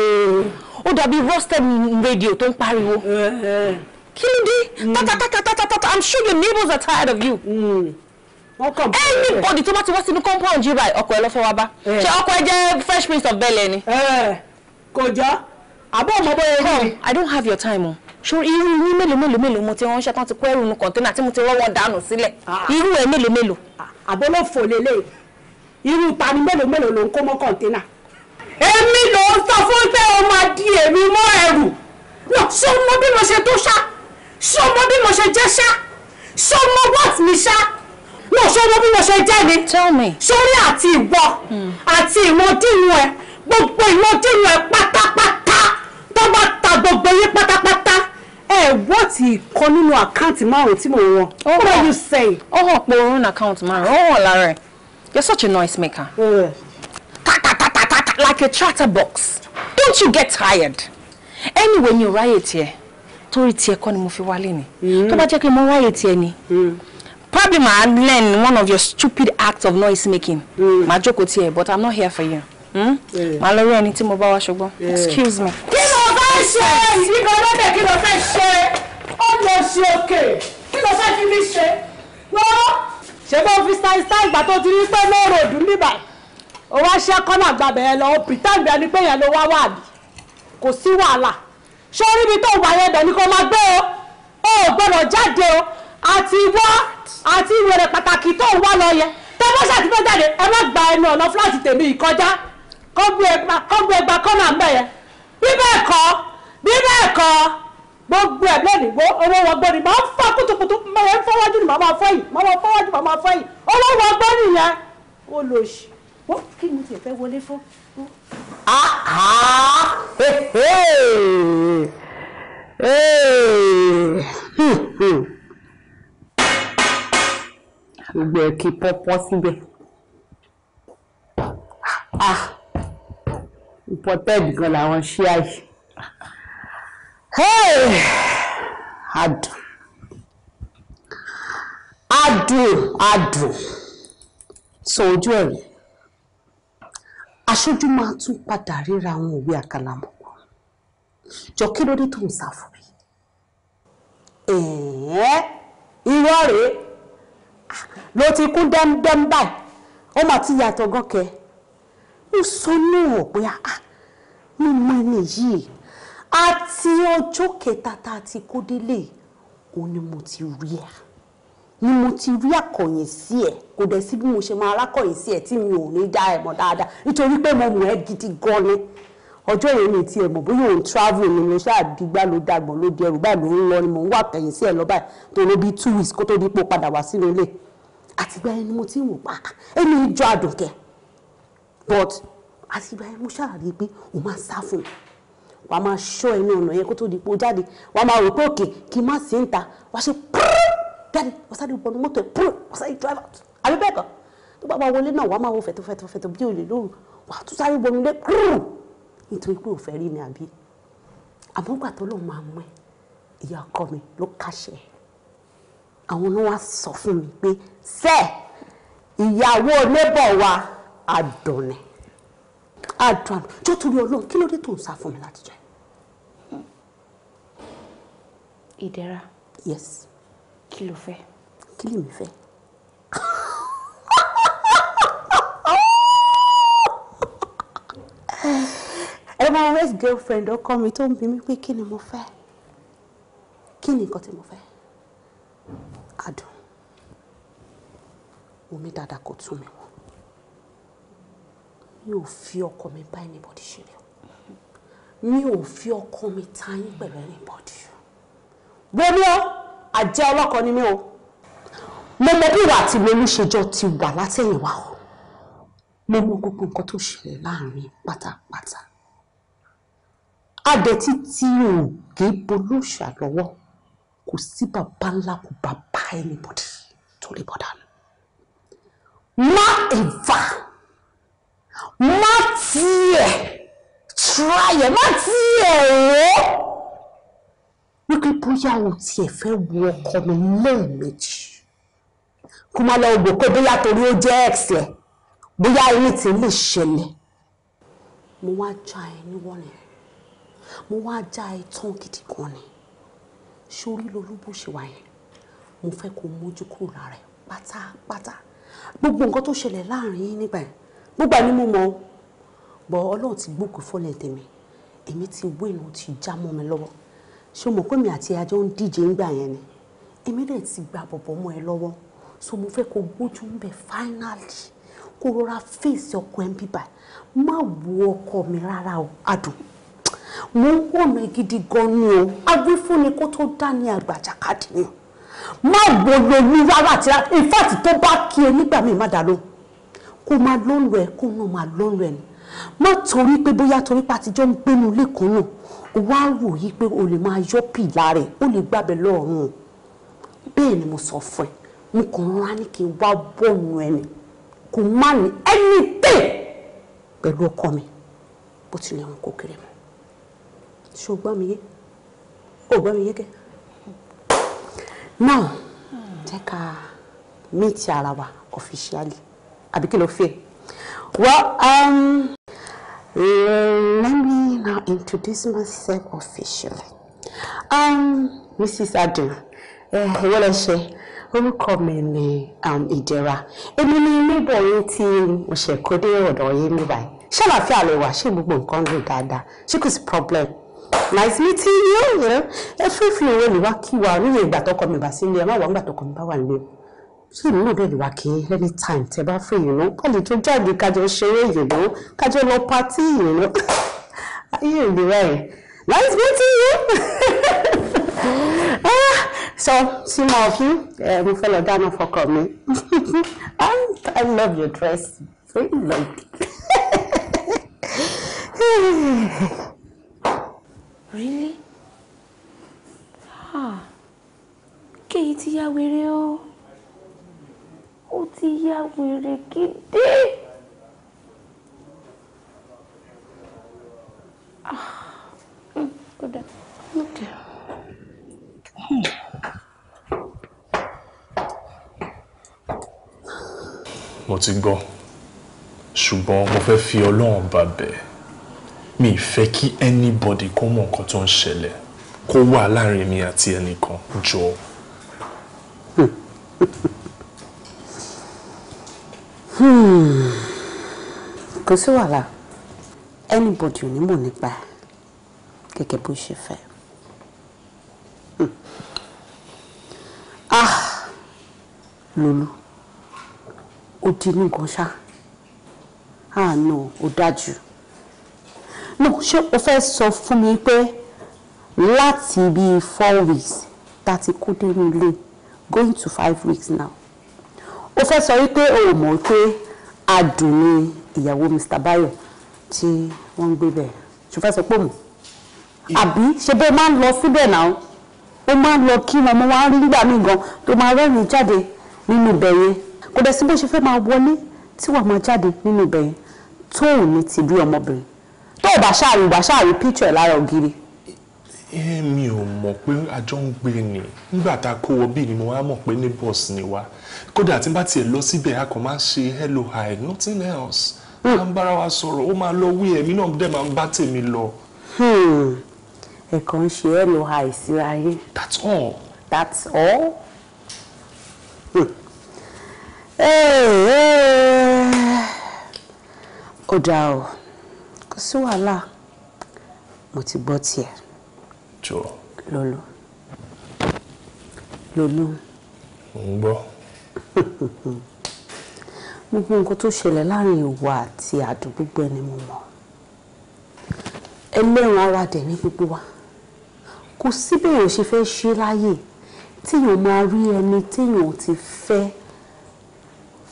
ó dàbí roasted radio tó ń pariwo. kí ló dé tatatatata hmm. i'm sure your neighbors are tired of you. Mm anybody tó bá ti wá sínú compound yìí báyìí ọkọ ẹ lọ fẹ́ wá bá ṣé ọkọ ẹ jẹ́ fresh prince of bel air ni. kò jọ àbọ̀ ọmọ bọ́yẹ rí mi. I don't have your time o ṣó irú ní mélòó mélòó mélòó mo ti ránṣẹ́ tán ti kó ẹrù nu kọ̀ńténà tí mo ti rọ́wọ́ dànù sílẹ̀ ah. irú ẹ̀ mélòó mélòó. Ah, àbọ̀ ló fò lélẹ̀ irú tani mélòó mélòó ló ń kó mọ́ kọ̀ńténà. èmi ló ń sọ fún pé o máa di èmi mọ́ ẹrù náà ṣé mọ bí mo ṣe tó ṣá ṣé o mọ bí mo ṣe jẹ́ ṣá ṣé mọ what mi ṣá náà ṣé o mọ bí mo ṣe jẹ́ mi. tell me. sórí àti ìwọ hmm. àti ìwọ dínú ẹ gbogbo ìwọ dínú pátápátá tó bá ta gbogbo yín pátápátá ẹ wọ́n ti kọ́ nínú àkáǹtì márùn-ún tí mò ń wọn. ó hàn you saying? ó hàn pé òun ní àkáǹtì márùn-ún ó hàn lára ẹ̀ you're such a noise maker. tatatatata like a chatterbox don't you get tired anyway ni o ráyè tiẹ̀ torí tiẹ̀ kọ́ ni mo fi wálé ni mm. tó bá jẹ́ pé mo ráyè tiẹ̀ ni. Mm. probably ma learn one of your stupid acts of noise making. Mm. Ma jókòó tiẹ̀, but I'm not here for you. Hmm? màá ẹni tí mo bá wá ṣùgbọ́n excuse me. kí ló fẹ́ ṣe ìdíkọ̀ lọ́dẹ̀ kí ló fẹ́ ṣe ó lọ ṣe òkè kí ló fẹ́ fi mí ṣe lọ́wọ́. ṣé bó fi style style ìgbà tó ti rí pé lóòrò òdùn níbà ó wá ṣe kọ́nà gbàgbẹ́ yẹn lọ ó pretend ẹni pé yẹn ló wá wà bí kò sí wàhálà ṣé orí mi tó wà yẹn bẹ̀ ni kò máa gbé o ò gbọ́dọ̀ jáde o àti wá àti ìwèrè pàtàkì tó wà lọ yẹn tẹ́ bó ṣàtìmọ́ jáde ẹ má gba ẹnu ọ̀nà fúláàtì tèmi ìkọjá kọ́gbé ẹgbà kọ́nà ń bẹ̀yẹ bí bẹ́ẹ̀ kọ́ bí bẹ́ẹ̀ kọ́ gbogbo ẹ̀ lónìí gbó owó wọn gbóni màá fọ kutukutu màá fọwọ́jú ni màá máa fọ́ yìí màá máa fọwọ́jú màá máa fọ́ yìí owó wọn gbóni yẹn ó lò sí wọ́n kí ni tiẹ̀ fẹ́ wọlé fún. Hmm, hmm. gbogbo ẹ̀ kí pọ́pọ́ síbẹ̀. ah imported gan làwọn ṣíà yìí adùn adùn adùn sọ ojú ẹ̀rí aṣojú máa tún padà ríra àwọn òwe àkàlàmọ̀pọ̀ jọ kí ló dé tó ń sá fún mi irọ́ rèé ló ti kún dẹ́mdẹ́m báyìí ó mà ti yàtọ̀ gọ́kẹ́ ó sọ níwọ̀n pé ah, mi mọ ẹni yìí àti ọjọ́ kẹta tá a ti kó délé òun ni mo ti rí ẹ ni mo ti rí àkọ̀yìn sí ẹ kò dẹ̀ sí bí mo ṣe máa rákọ̀yìn sí ẹ tí mi ò ní dá ẹ mọ̀ dáadáa nítorí pé mo mọ̀ ẹ́ gidi gan ni ọjọ́ yẹn mi ti ẹ̀ mọ̀ bóyá òun travel ni mo ṣáà dìgbà ló dàgbọ̀n ló di ẹrù báyìí ló ń lọ ni mo ń wà tẹ̀yìn sí ẹ̀ lọ báyìí tó ló bí two weeks kó tó dípò padà wá sínú ilé àtìgbà ẹni mo ti wò pa ah, ẹni ìjọ àdùnkẹ́ but àti ìgbà yẹn mo ṣàlàyé pé o máa sá fún un wàá máa ṣọ́ ẹnu ọ̀nà yẹn kó tó di pé o jáde wàá máa rò pé òkè kí n má sí ń ta wàá ṣe púrú jáde wàá sáré wọnú mọ́tò ẹ̀ púrú wàá sáré drive out àbí bẹ́ẹ̀ kọ́ tó bá wá wọlé náà wàá máa wo fẹ̀tọ̀ fẹ̀tọ̀ fẹ̀tọ̀ bí olè lóru wàá tún sáré wọnú lé púrú nítorí pé òfẹ́ rí ni àbí àmọ́ gbà máa mú ẹ ìyá ọkọ mi ló kàṣẹ àwọn náà wá sọ fún mi pé sẹ́ẹ̀ ìyàwó nébọ̀ wa adùn ni adùn adùn jọ́ torí ọlọ́run kí ló dé tó ń sá fún mi láti jẹ. ìdẹ̀ra. yes. kí ló fẹ́. kí lèmi fẹ́. ẹ máa west girlfriend ọkọ mi tó ń bi mí pé kí ni mo fẹ́ kí ni nǹkan tí mo fẹ́ adùn omi dáadáa kò tún mi mi ò fi ọkọ mi bá anybody ṣeré o mi ò fi ọkọ mi ta yín pẹ̀lú anybody wọ́n ó àjẹ́ ọlọ́kọ ni mí o mo mọ bí ìwà àti lolú ṣe jọ ti wà látẹ̀yìn wa o mo mọ gbogbo nǹkan tó ṣẹlẹ̀ láàrin pátápátá adẹ̀tí tí òògé bolóṣà lọ́wọ́ kò sí bàbá ńlá kò bàbá anybody tó lè bọ̀ dànù má ẹ̀fà má tiẹ̀ try ẹ̀ má tiẹ̀ rò ó wípé bóyá o tiẹ̀ fẹ́ wo ọkọ mi lẹ́ẹ̀mejì kó má lọ wò pé bóyá torí ó jẹ́ ex ẹ̀ bóyá ẹni tí lè ṣẹlẹ̀ mo wá já ẹ níwọ̀nẹ̀ mo wá já ẹ tán gidi gan ni sórí lolú bó ṣe wà yẹn mo fẹ́ kó mójú kúrò lára ẹ pátápátá gbogbo nǹkan tó ṣẹlẹ̀ láàrin yín nígbà yẹn gbogbo àní mo mọ̀ bọ̀ ọlọ́run ti gbókùn fọ́lẹ̀ tèmi èmi ti wé ìlú ti já mọ́ mi lọ́wọ́ ṣé mo pé mi àti ajọ ń díje ńgbà yẹn ni èmi náà ti gba bọ̀bọ̀ mọ́ ẹ lọ́wọ́ so mo fẹ́ kó gbójú ń bẹ̀ finally kó rọra fèsì ọkọ ẹ̀ ń bíbà má wo ọkọ mi rárá o adùn mo ń wọ̀nà gidi gan ni o agbífúnni kó tó dá ní àgbàjàkadì ni má wo lolú rárá àti rárá in fact tó bá kí ẹ nígbà míì má dá lóhùn kó máa lọ́nù ẹ̀ kó náà máa lọ́nù ẹ̀ ni má torí pé bóyá torí pé àtijọ́ ń gbénu lẹ́kọ̀ọ́ náà ó wá wò yí pé o lè máa yọ pìlà rẹ̀ ó lè gbàbẹ̀ lọ́rùn o bẹ́ẹ̀ ni mo sọ fún ẹ mo kàn rán ní kí n wá bọ́ọ̀nù ẹni kò má ní anything pẹ̀lú ọkọ mi bó tilẹ̀ wọn kò kéré mọ́ ṣé o gbọ́ mi yé o gbọ́ mi yé kẹ́ now jẹ́ ká meet ara wa officially àbí kí ló fẹ́. well um, let me now introduce myself officially um, Mrs. Adun ìwọ lẹ ṣe orúkọ mi ni um, Ìdẹ̀ra èmi ni níbọ̀ yín tí mo ṣe kó dé ọ̀dọ̀ yín ní báyìí ṣàlàfíà lè wà ṣé gbogbo nǹkan lè dáadáa ṣé kò sí problem nice meeting you ẹ fífi òwe mi wá kí wa níyẹn ìgbà tọkọ mi bá sílé ẹ má wà ń gbà tọkọ mi bá wà nílé o so èmi náà bẹ̀rẹ̀ wá kí any time tẹ bá free you know kọ́lì tó jáde kájọ ṣeré you know kájọ lọ pátí you know ayé ìlú rẹ̀ nice meeting you so see more of you mo fẹ́ lọ dáná fọkọ mi I love your dress very long. really? Ah, kéyìí ti yá wéré o ó ti ya wèrè gidi. kódà ó dẹ̀. mo ti gbọ́ ṣùgbọ́n mo fẹ́ fi ọlọ́run bá bẹ̀ mi fẹ́ kí anybody kó mọ nǹkan tó ń ṣẹlẹ̀ kó wà láàrin mi àti ẹnìkan jọ. Hmm. kò sí wàhálà anybody ò ní mọ̀ nípa ẹ̀ bó ṣe fẹ́. Hmm. ah Lulu. ó di nǹkan ṣá ah no ó dájú no ṣé o fẹ́ sọ fún mi pé láti bíi four weeks tá a ti kó dé nílé going to five weeks now ó fẹ́ sọ wípé o ò mọ̀ pé adùn ni ìyàwó Mr. Bayo tí wọ́n ń gbé bẹ̀ ṣe fẹ́ sọ pé mọ̀ àbí ṣe bẹ́ẹ̀ máa ń lọ síbẹ̀ náà ó máa ń lọ kí wọn mo wá ń rí nígbà míì gan tó máa rẹ́rìn jáde nínú ibẹ̀ yẹn kò dẹ̀ sí ṣe fẹ́ máa wọlé tí wọ́n máa jáde nínú ibẹ̀ yẹn tóun ní ti bí ọmọbìnrin tó o bá ṣàrí o bá ṣàrí picture ẹ̀ lára ògiri èmi ò mọ̀ pé àjọ ń gbé ni nígbà tá a kó wọ bí ni mo wá mọ̀ pé neighbors ni wá kódà tí n bá tiẹ̀ lọ síbẹ̀ a kàn máa ṣe hello hi nothing else hmm. a ń bára wa sọ̀rọ̀ ó máa lọ wí ẹ̀mí náà dẹ̀ máa ń bá tèmi lọ. Hmm. ẹ̀kan ń ṣe hello hi síra yín. that's all. that's all. Hmm. Eh, eh. ó dáa o kò sí wàhálà mo ti gbọ́ tiẹ̀. jọ. lolu lolu. ń gbọ́. gbogbo nǹkan tó ṣẹlẹ̀ láàrin ìwà àti àdùn gbogbo ẹni mo mọ̀ ẹlẹ́rìn ara dẹ̀ ní gbogbo wa kò sí béèyàn ṣe fẹ́ ṣe láyè téèyàn máa rí ẹni téèyàn ti fẹ́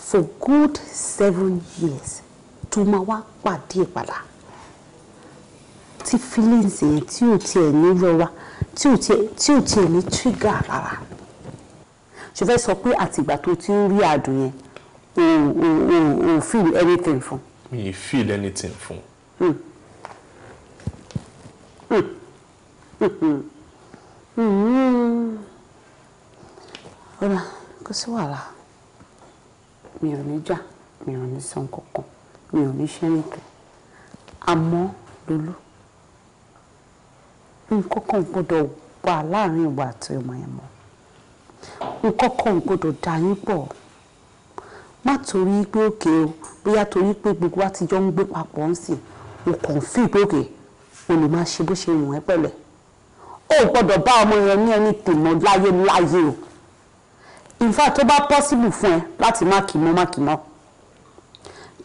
for good seven years tó máa wá pàdé ìpadà tí feelings yẹn tí ò tiẹ̀ ní rọra tí ò tiẹ̀ ní trigger rárá ṣe fẹ́ sọ pé àtìgbà tó ti ń rí àdùn yẹn o o o feel anything fún. mi ì feel anything fún. Hmm. Hmm. Hmm. ọ̀rọ̀ kò sí wàhálà mi ò ní jà mi ò ní san kankan mi ò ní ṣe nìkan àmọ́ lolú nǹkan kan gbọ́dọ̀ wà láàrin ìwà àti ọmọ yẹn mọ́ nǹkan kan gbọ́dọ̀ dà yín pọ̀ má torí pé òkè o bóyá torí pé gbogbo wa ti jọ ń gbé papọ̀ ń sìn mo kàn fi pé òkè o lè máa ṣe bó ṣe wù ẹ́ pẹ̀lẹ́ o gbọ́dọ̀ bá ọmọ yẹn ní ẹni tèmọ́ láyé láyé o in fact tó bá possible fún ẹ láti má kì mọ́ má kì mọ́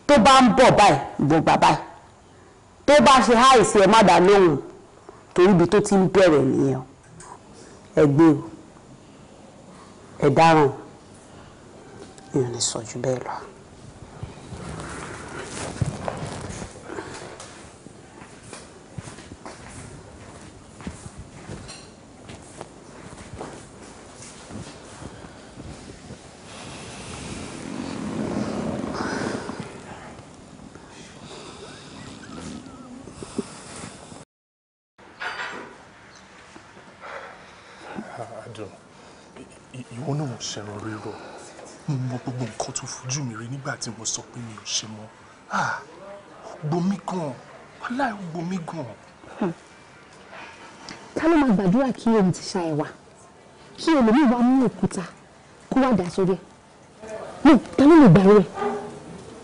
tó bá ń bọ̀ báyìí gbọ̀gbà báyìí tó bá ṣe àìsí ẹ má dá lóhùn torí ibi tó ti ń bẹ̀rẹ̀ nìyẹn ẹgbẹ́ o ẹ dáràn mi ò lè jù bẹ́ẹ̀ lọ. tí wọ́n sọ pé mi ò ṣe mọ́ ah, gbomi gan aláì gbomi gan. ká ló máa gbàdúrà kí omi ti ṣá ẹ wá kí olómi wa mú òkúta kó wá dà sórí ẹ ní ta ló lè gbà rẹ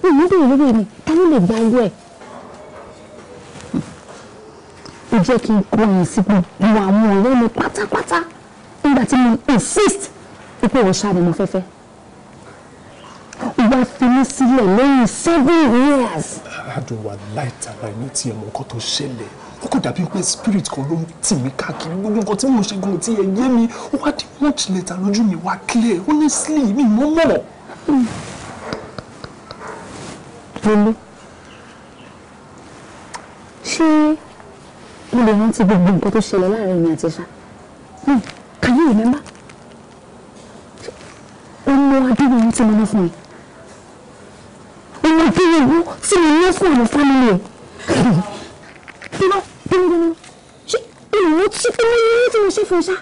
ní ìlú bèrè lórí mi ta ló lè gbà rẹ. ó jẹ́ kí n kó ẹ̀yìn sí gbogbo àwọn ọ̀rẹ́ mi pátápátá nígbà tí mo insist pé òòṣà ni mo fẹ́ bá fi mí sílẹ̀ lẹ́yìn seven years. aládùn wa láìta láì ní tiẹ̀ mọ nǹkan tó ṣẹlẹ̀ ó kò dàbí pé spirit kan ló ń tì mí káàkiri gbogbo nǹkan tí mo ṣe gan ti ẹ yé mi ó wá di much later lójú mi wá clear honestly mi mọ́ mọ́. lélẹ́ ṣé mo lè rántí gbogbo nǹkan tó ṣẹlẹ̀ láàrin mi àti ṣá can you remember? ó ń lo adúgbò yín tí mo ní fún yín tí mo ní fóònù fámìlì ẹ̀ bímọ ṣé ìwọ tí mo ní owó tí mo ṣe fún ẹ ṣá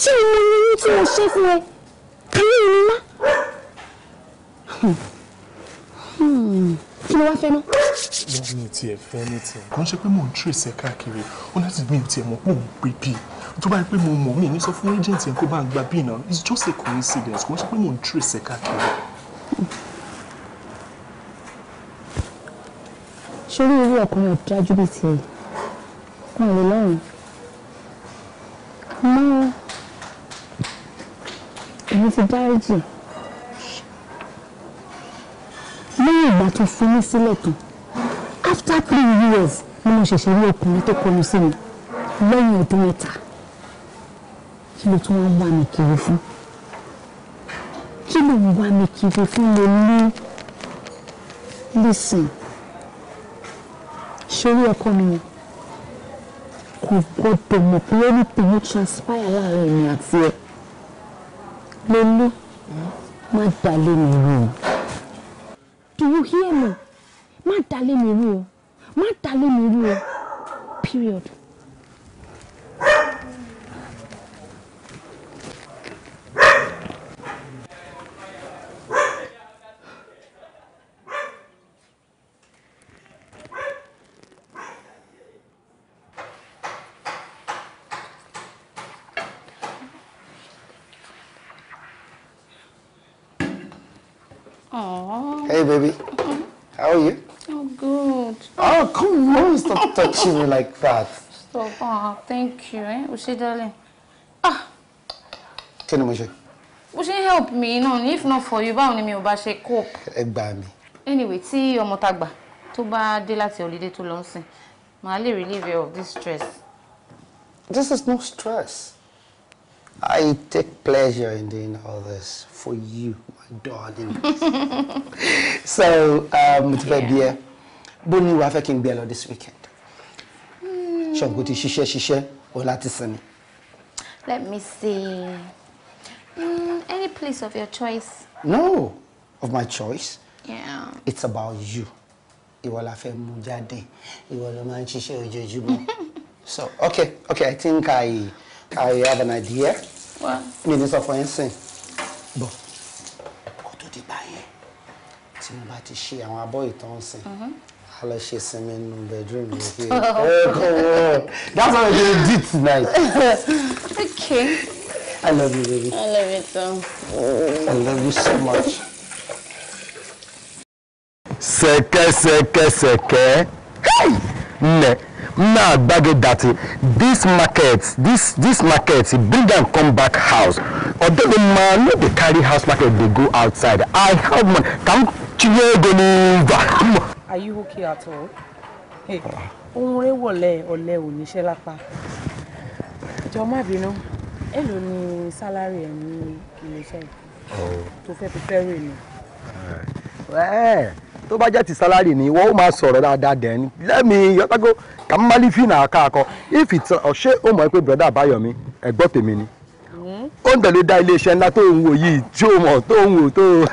ṣé mo ní owó tí mo ṣe fún ẹ ayé mi má. Hmm, kí ló wá fẹ́ náà. wọ́n mi ò tiẹ̀ fẹ́ ní tiẹ̀ kàn ṣe pé mò ń tírèsẹ̀ káàkiri honestly mi ò tiẹ̀ mọ̀ pé òun pè bíi tó bá yẹ pé mo mọ̀ mí ní sọ fún agent yẹn kó bá gba bíi náà it's just a coincidence kò ń ṣe pé mò ń tírèsẹ̀ káàkiri. sórí irú ọkùnrin ọ̀dájú bíi tiẹ̀ kan lè lọ́rùn mọ́ èmi ti dáríjì lẹ́yìn ìgbà tó fún mi sílẹ̀ tán after three years ni mo ṣẹ̀ṣẹ̀ rí ọkùnrin tó kọnu sí mi lẹ́yìn ọdún mẹ́ta kí ló tún wá wá mi kiri fún kí ló ń wá mi kiri fún mo ní listen ṣeré ọkọ mi kò gbọdọ̀ mọ̀ pé anything ló transpire láàárín èmi àti ẹ̀ lólú má dalé mi rú o. do you hear me má dalé mi rú o má dalé mi rú o period. baby. How are you? Oh, good. Oh, come on, stop touching me like that. Stop. Oh, thank you, eh? Uche, darling. Ah. Can ni mo ṣe? Uche, help me, no, if not for you, báwo ni mi ò bá ṣe cope. Ẹ gbà me. Anyway, see ọmọ tá gbà tó bá dé láti holiday tó lọ ń sìn, màá lè relieve you of this stress. This is no stress. I take pleasure in doing all this for you, my darling. so, um, mo ti fẹ́ bí ẹ, bó ni wàá fẹ́ this weekend? Shall go to ṣiṣẹ́ o or sinmi. Let me see. Mm, any place of your choice. No, of my choice. Yeah. It's about you. Ìwọ la fẹ́ mú jáde, ìwọ ló máa ń ṣiṣẹ́ ojoojúmọ́. So, okay, okay, I think I. I have an idea. What? Minister for sọ fún ẹ ń sìn. Bọ̀ kó tó di báyẹn tí mo bá ti ṣe àwọn abọ́ ìtàn sìn. Mhm. A lọ ṣe sinmi nínú bedroom yẹn oh. ẹ kọ́ wọ́. That's how I dey do it tonight. Okay. I love you baby. I love you too. I love you so much. Sẹ̀kẹ́ sẹ̀kẹ́ sẹ̀kẹ́. Hey! Nẹ̀ now gbage that this market this this market bring am come back house although the man no dey carry house market dey go outside i have man kam tiye goniva. are you okay at all? ohun rẹ wọlé ọlẹ ò níṣẹ́ lápá jọ má bínú èló ni sálárì ẹ ní iléeṣẹ́ yìí oh. tó fẹ́ fi fẹ́ rè ni. tó bá jẹ́ ti salary ni ìwọ ó máa sọ̀rọ̀ dáadáa dẹ̀ lẹ́mi yọtago kàmálí fìnà if it's ụmụ uh, ó mọ̀ pé brother Báyọ̀mí ẹ̀gbọ́n tèmi ni ó ń tẹ̀lé da iléeṣẹ́ ńlá tó ń wò yìí tí ó mọ̀ tó ń wò tó ń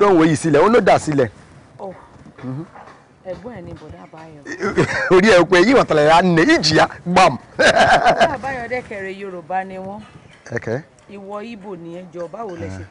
wò oh. mhm. ni broda abayomi. orí ẹ̀ yíwọ̀n tẹ̀lé ra Yorùbá ni wọ́n ìwọ jọ báwo lẹ ṣe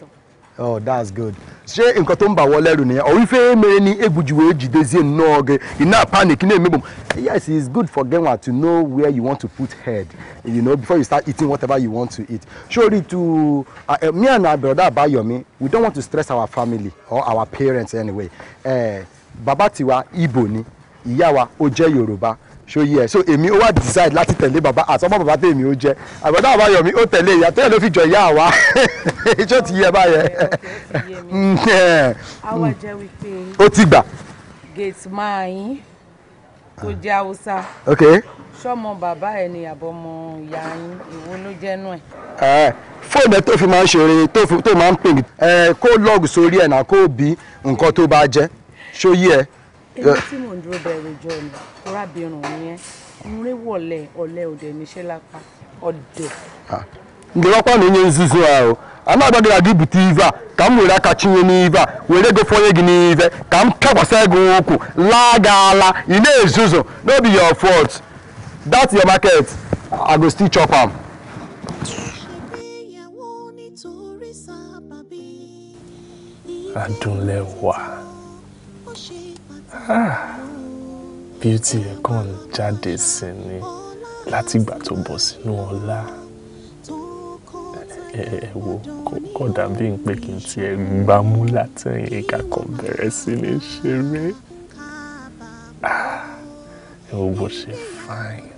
oh that's good ṣé nǹkan tó ń bà wọ lẹ́rù nìyẹn ọ̀rí fẹ́ mẹ́rin ní egbujuwe jìdézie náà ọ̀gẹ̀ iná panic ní èmi bò yes it's good for genwa to know where you want to put head you know before you start eating whatever you want to eat sori to uh, uh, me and my brother Abayomi we don't want to stress our family or our parents anyway uh, eh, baba tiwa Igbo ni ìyá wa ó jẹ́ Yorùbá ṣó yẹ so èmi ó wá decide láti tẹ̀lé bàbá Baba bàbá tèmi ó jẹ àgbàdo àbáyọ mi ó tẹ̀lé ìyá tẹ́lẹ̀ ló fi jọ ìyá wa ṣó ti yẹ báyẹn. àwọn jẹ́ wípé ó ti gbà. gate máa yín kò jẹ́ haúsá. sọmọ bàbá ẹ ni àbọmọ ìyá yín ìwo ló jẹ́ nú ẹ̀. fóònù ẹ tó fi máa ń ṣeré tó máa ń pè kó lọ́ọ̀gù sórí ẹ̀ náà kó bí nǹkan tó bá jẹ́ ṣó yẹ. èmi nri ọkwa na onye nzuzu ahụ a na-agbado ya ive a ka m were aka chinye n'ive a were gị fọnye gị n'ive ka m kekwasị gị ụkwụ laa gị ala ị na-ezuzu n'obi your fault that's your market i go still chop am. beauty ẹ̀ kàn ń jáde sí ni látìgbà tó bọ̀ sínú ọlá ẹ wo kò dàbí pé kí n tiẹ̀ gbámú látẹ̀yìn ìka kan bẹ̀rẹ̀ sí ní ṣeré ẹ wo bó ṣe fine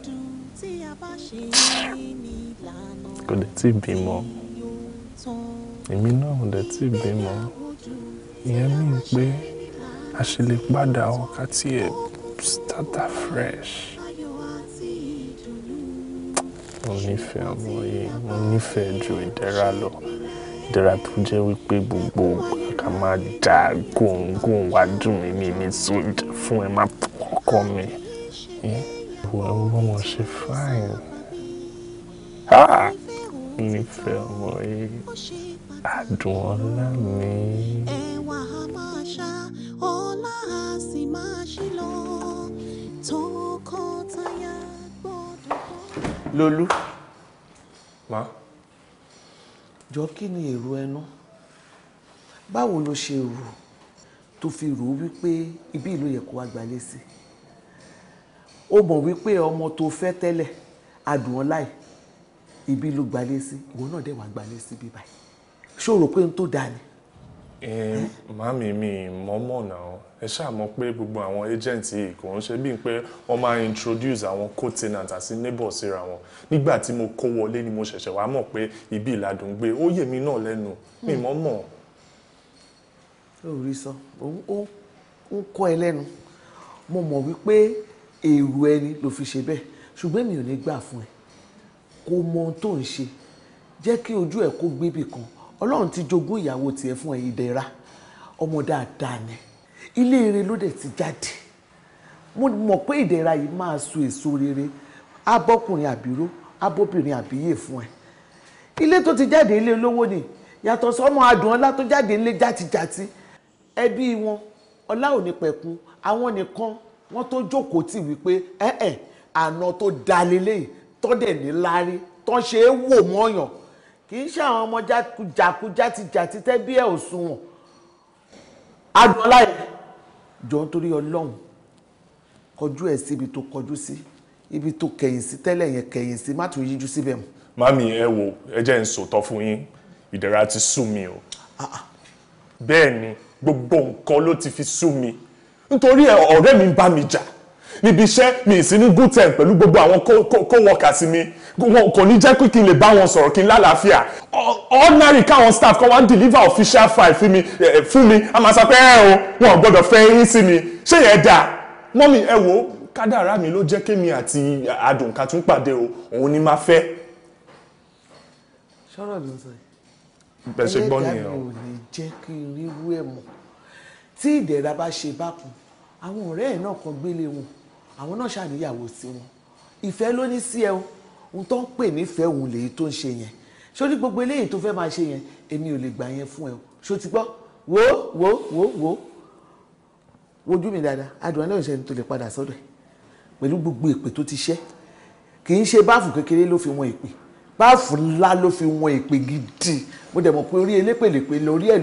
kò dẹ̀ tí bímọ èmi náà ò dẹ̀ tí bímọ ìyẹn mí pé a ṣe lè padà wákàtí ẹ start afresh. mo nífẹ̀ẹ́ ọmọ yìí mo nífẹ̀ẹ́ ju ìdẹ̀ra lọ ìdẹ̀ra tó jẹ́ wípé gbogbo ká máa dà góńgóń wá dùn mí mi mi tó fún ẹ má kọkọ mi. ìwọ ẹ wọ́n mọ̀ ṣe fáìn. nífẹ̀ẹ́ ọmọ yìí adùn ọ̀la mi. lolú ma jọ kí ni èrò ẹnu báwo ló ṣe rò tó fi rò wípé ibi ìlú yẹ kó wá gbalé sí ó mọ̀ wípé ọmọ tó fẹ́ tẹ́lẹ̀ adùn ọ́ láì ibi ló gbalé sí ìwọ náà dẹ̀ wá gbalé sí bíbáyìí ṣó rò pé n tó dáa ni màmí mi mọ́mọ́ náà ẹ ṣáà mọ̀ pé gbogbo àwọn agent yìí kò ń ṣe bíi pé wọ́n máa introduce àwọn co-tenant àti neighbor síra wọn nígbà tí mo kó wọlé ni mo ṣẹ̀ṣẹ̀ wá mọ̀ pé ibi ìlàdùn gbé ó yè mí náà lẹ́nu mi mọ́mọ́. Hmm. lórí sọ ó ń kọ́ ẹ lẹ́nu mo mọ̀ wípé èrò ẹni ló fi ṣe bẹ́ẹ̀ ṣùgbọ́n mi ò ní gbà fún ẹ kó mọ ohun tó ń ṣe jẹ́ kí ojú ẹ̀ kó gbébì kan ọlọ́run ti jogún ìyàwó tiẹ̀ fún ẹ̀yin ìdẹ̀ra ọmọ dáadáa ni ilé rere ló dẹ̀ ti jáde mo mọ̀ pé ìdẹ̀ra yìí máa so èso rere abọ́kùnrin àbíró abóbìnrin àbíyè fún ẹ ilé tó ti jáde ilé olówó ni yàtọ̀ sọ́mọ adùn ọlá tó jáde ilé játijàti ẹbí wọn ọlá ò ní pẹ̀kun àwọn nìkan wọ́n tó jókòó tì wípé ẹ̀ẹ́ àna tó dalélẹ́yìn tọ́dẹ̀ ní láárí tọ́ ṣe é wò mọ́yàn kì í ṣe àwọn ọmọ jàkújàkújà ti jà títẹ́ bí ẹ̀ ò sunwọ̀n adúláyè jọ nítorí ọlọ́run kọjú ẹ̀ síbi tó kọjú sí ibi tó kẹ̀yìn sí tẹ́lẹ̀ yẹn kẹ̀yìn sí má tún yíjú síbẹ̀ mọ́. mami ẹ wo ẹ jẹ́ n fún yín ìdẹ̀ra ti sú mi o bẹ́ẹ̀ ni gbogbo nǹkan ló ti fi sú mi nítorí ọ̀rẹ́ mi bá mi jà níbi iṣẹ́ mi ì sí pẹ̀lú gbogbo àwọn co-workers mi wọn kò ní jẹ́ pé kí n lè bá wọn sọ̀rọ̀ kí n lálàáfíà ordinary káwọn staff kan wá ń deliver official file fún mi eh, eh, fún mi a máa sọ pé ẹ o wọn gbọ́dọ̀ fẹ́ yín sí mi ṣé yẹn dáa mọ́mí ẹ wo kádàrá mi ló jẹ́ kémi àti adùn ká tún pàdé o òun ni máa fẹ́. sọ̀rọ̀ mi sọ yìí bẹ́ẹ̀ ṣe o ẹlẹ́dàá mi ò lè jẹ́ kí n ríru ẹ̀ mọ̀ tí ìdẹ̀ra bá ṣe bákun àwọn ọ̀rẹ́ ẹ̀ náà kan gbélé wọn àwọn náà ṣàníyàwó sí wọn ìfẹ́ ló ní sí ẹ o ohun tó ń pè nífẹ̀ẹ́ òun lèyí tó ń ṣe yẹn sórí gbogbo eléyìí tó fẹ́ máa ṣe yẹn èmi ò lè gbà yẹn fún ẹ ṣó ti gbọ́ wo wo wo wo wojú mi dáadáa adùn alẹ́ òṣèlú tó lè padà sọ́dọ̀ ẹ̀ pẹ̀lú gbogbo èpè tó ti ṣẹ́ kì í ṣe báàfù kékeré ló fi wọn èpè báàfù ńlá ló fi wọn èpè gidi mo dẹ̀ mọ̀ pé orí elépèlépè lórí ẹ̀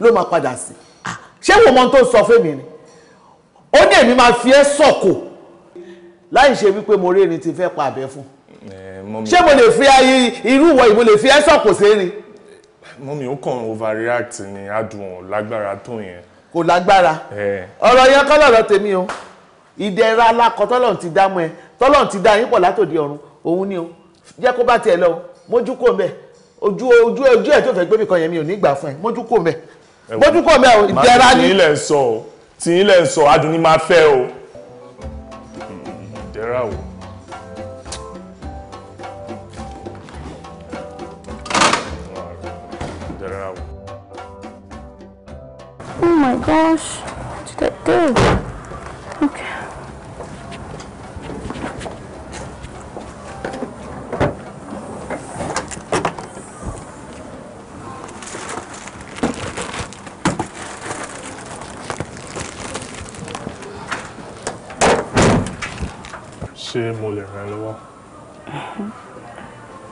ló máa padà sí ṣé wo mọ tó sọ fún mi ni ó ní èmi máa fi ẹ́ sọ̀kò láì ṣe wípé mo rí ẹni tí fẹ́ pa àbẹ́ fún un ṣé mo lè fi ayé irú ìwọ ìbò lè fi ẹ́sọ̀ kò sí ni. mọ́mí ó kàn overreact ni adùn lágbára tó yẹn. kò lágbára ọ̀rọ̀ yẹn kọ́ lọ̀rọ̀ tèmi o ìdẹ̀ra alákọ̀ tọ́lọ̀ ti dá mọ́ ẹ tọ́lọ̀ ti dá yín pọ̀ látòdì ọ̀run òun ni o jẹ́ kó bá tiẹ̀ lọ mójú kò mẹ́ ojú ojú ojú ẹ̀ tó fẹ́ gbé mi kan yẹn mi ò ní gbà fún ẹ mójú kò mẹ́ mójú kò mẹ́ o ìdẹ̀ra ni. màá ti ilẹ̀ sọ o ti ilẹ̀ sọ adùn ni máa fẹ́ o ìdẹ̀ra o. my gosh. What did that do? Okay.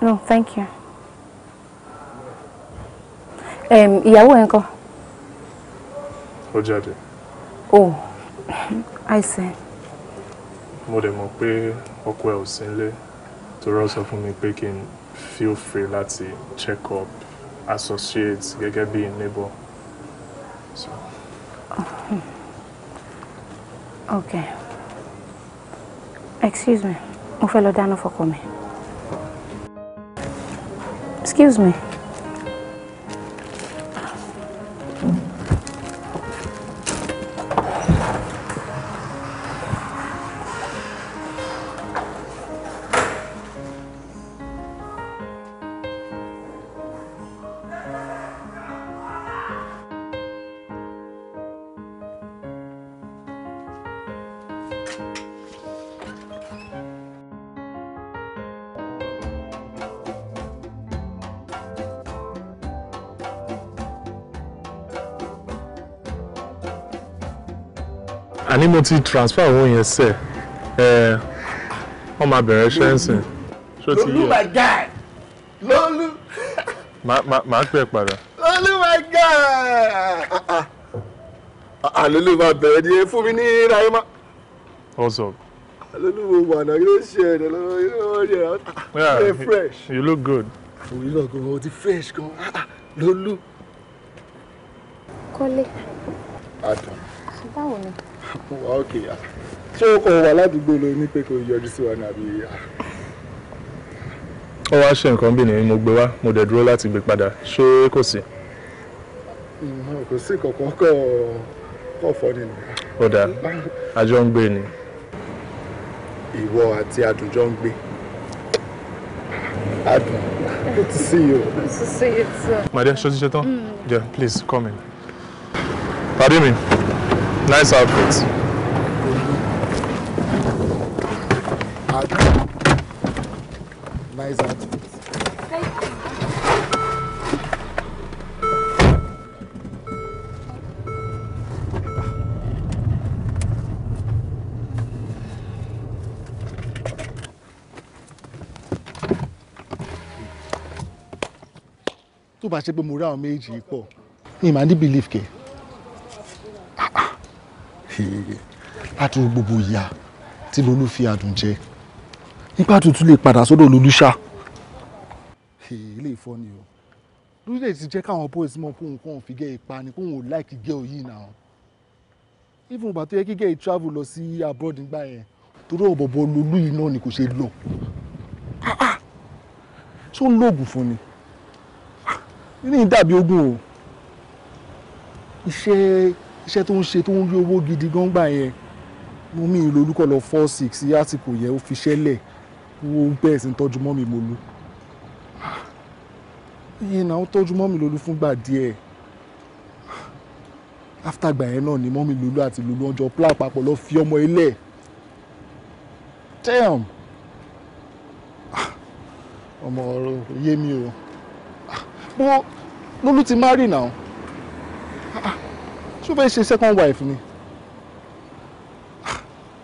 No, thank you. Um, yeah, well, kọ́kọ́ jáde. oh I see. mo dẹ̀ mọ̀ pé ọkọ ẹ ò sí nílé torí ó sọ fún mi pé kí n feel free láti check up associate gẹ́gẹ́ bí neighbor. So. okay excuse me mo fẹ́ lọ dáná fọkọ mi excuse me. àní mo ti transfer owó yẹn sẹ̀ ẹ wọ́n máa bẹ̀rẹ̀ ṣẹ́ǹsìn. lolú my guy lolú. màá pẹ́ padà. lolú my guy. àlólú ah, ah, máa bẹ̀rẹ̀ ní fún mi ní ráyé má. what's up. àlólú wo wà náà yóò ṣe ẹ̀dọ̀ lọ́wọ́ yóò ṣe ẹ̀dọ̀ ṣe fresh. you look good. òun náà gan-an o ti fresh gan-an ah, lolú. kọ́lé ok ṣé o kò wà ládùúgbò ló ní pé kò yọjú sí wa nàbí. ó wá ṣe nǹkan bí ni mo gbé wá mo dẹ̀ dúró láti gbé padà ṣé kò sí. Hmm, kò sí kankan kọ́ kọ́ fọ́ nínú. ó dáa àjọ ń gbé ni. ìwọ àti àdùnjọ ń gbé. Adùn. Good to see you. Good to see you too. My dear, ṣé tán? Hmm. Yeah, please come in. Pardon me. Nice outfits. Nice outfits. tó bá ṣe pé mo rí àwọn méjì pọ̀ ní ìmọ̀ ní belief kẹ́ẹ̀ látòrò gbogbo ìyá tí lolú fi àdùn jẹ nígbà tó tún lè padà sọ́dọ̀ lolú ṣá. ilé ìfọ́ ni o lórí lè ti jẹ́ káwọn boys mọ̀ kóhun kóhun fi gẹ́ ipa ni kóhun ò láìkí gẹ́ òyìn náà even ìgbà tó yẹ kí gẹ́ travel lọ sí abroad nígbà yẹn torí ọ̀bọ̀bọ̀ lolú yìí náà ni kò ṣe lọ ah, ah. ṣó ń lóògùn fún ni ah, nínú ìdàbí ogun o iṣẹ́ iṣẹ́ tó ń ṣe tó ń rí owó gidi gan gbà yẹn mo mi ìlò olúkọ lọ four six sí àsìkò yẹn ó fi ṣẹlẹ̀ wo bẹ́ẹ̀ sì ń tọ́jú mọ́ mi mo lu iye náà ó tọ́jú mọ́ mi lolú fúngbà díẹ̀ after gbà yẹn náà ni mọ́ mi lolú àti lolú ọjọ́ plan papọ̀ lọ fi ọmọ ilẹ̀ damn ah! ọmọ ọ̀rọ̀ yé mi o ah! bó lolú ti má rì náà ṣó fẹ́ ṣe second wife ni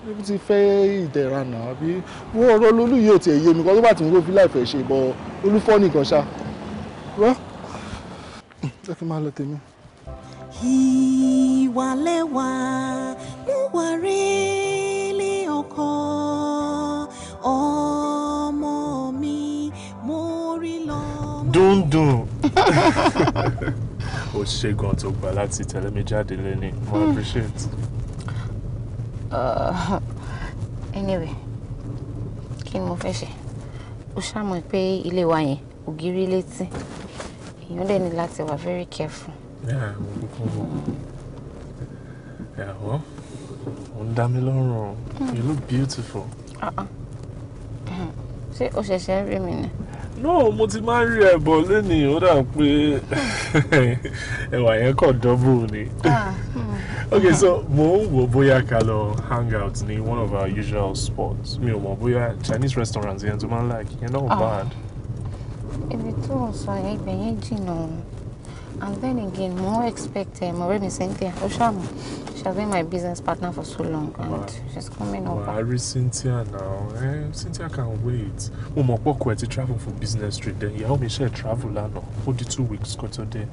níbi ah, tí fẹ́ ìdẹ̀ra náà àbí wọ́n ọ̀rọ̀ lólú yóò tiẹ̀ yé mi kan tó bá ti ń gbófin láìfẹ́ ṣe bọ̀ olúfọ́ nìkan ṣá wọ́n jẹ́ kí máa lọ tèmi. ìwàlẹ́wà ń wà rélé ọkọ ọmọ mi mo rí lọ. dundun. o ṣe láti tẹ̀lé mi jáde lẹ́ni mo hmm. appreciate. Uh, anyway kí ni mo fẹ́ ṣe ó ṣàmọ̀ pé ilé wa yẹn ògiri létí èèyàn dẹ̀ ní láti wà very careful. ẹ̀họ́ ò ń dá mi lọ́rùn hmm. you look beautiful. Uh-uh. ṣé o ṣẹ̀ṣẹ̀ rí mi ni no mo ti máa ń rí ẹbọ lẹ́nìí ó dà pé ẹwà yẹn kàn dọ́bù ni ah, hmm. okay so mo ń wo bóyá ká lọ hang out ní one of our usual spots mi ò mọ̀ bóyá Chinese restaurants yẹn tó máa ń like yẹn náà ah. bad. ibi tó ń sọ ẹgbẹ́ yẹn jìnnà and then again mo no expect eh, mo rẹ Cynthia o she has been my business partner for so long and uh, she's coming over. wàá rí Cynthia now eh, Cynthia can wait mo mọ̀ pọ̀kọ̀ ẹ̀ travel for business trip then ìyàwó mi ṣe travel lánàá ó di two weeks got tó dé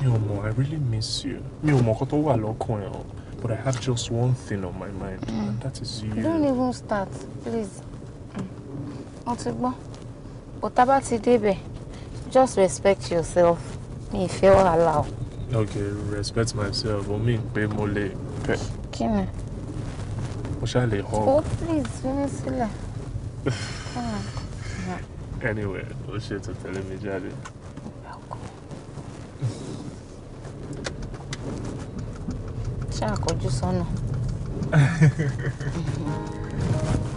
mi ò I really miss you mi ò mọ̀ kó tó but I have just one thing on my mind mm. and that is you. don't even start please. wọ́n hmm. ti gbọ́ bó tá ti débẹ̀ just respect yourself mi ì fẹ́ o. okay respect myself o mi pé mo lè fẹ́. kí ni. mo ṣáà lè hug. oh please fi mí sílẹ̀. anyway ó ṣètò tẹ̀lé mi jáde. ṣáà kọjú sọ́nà.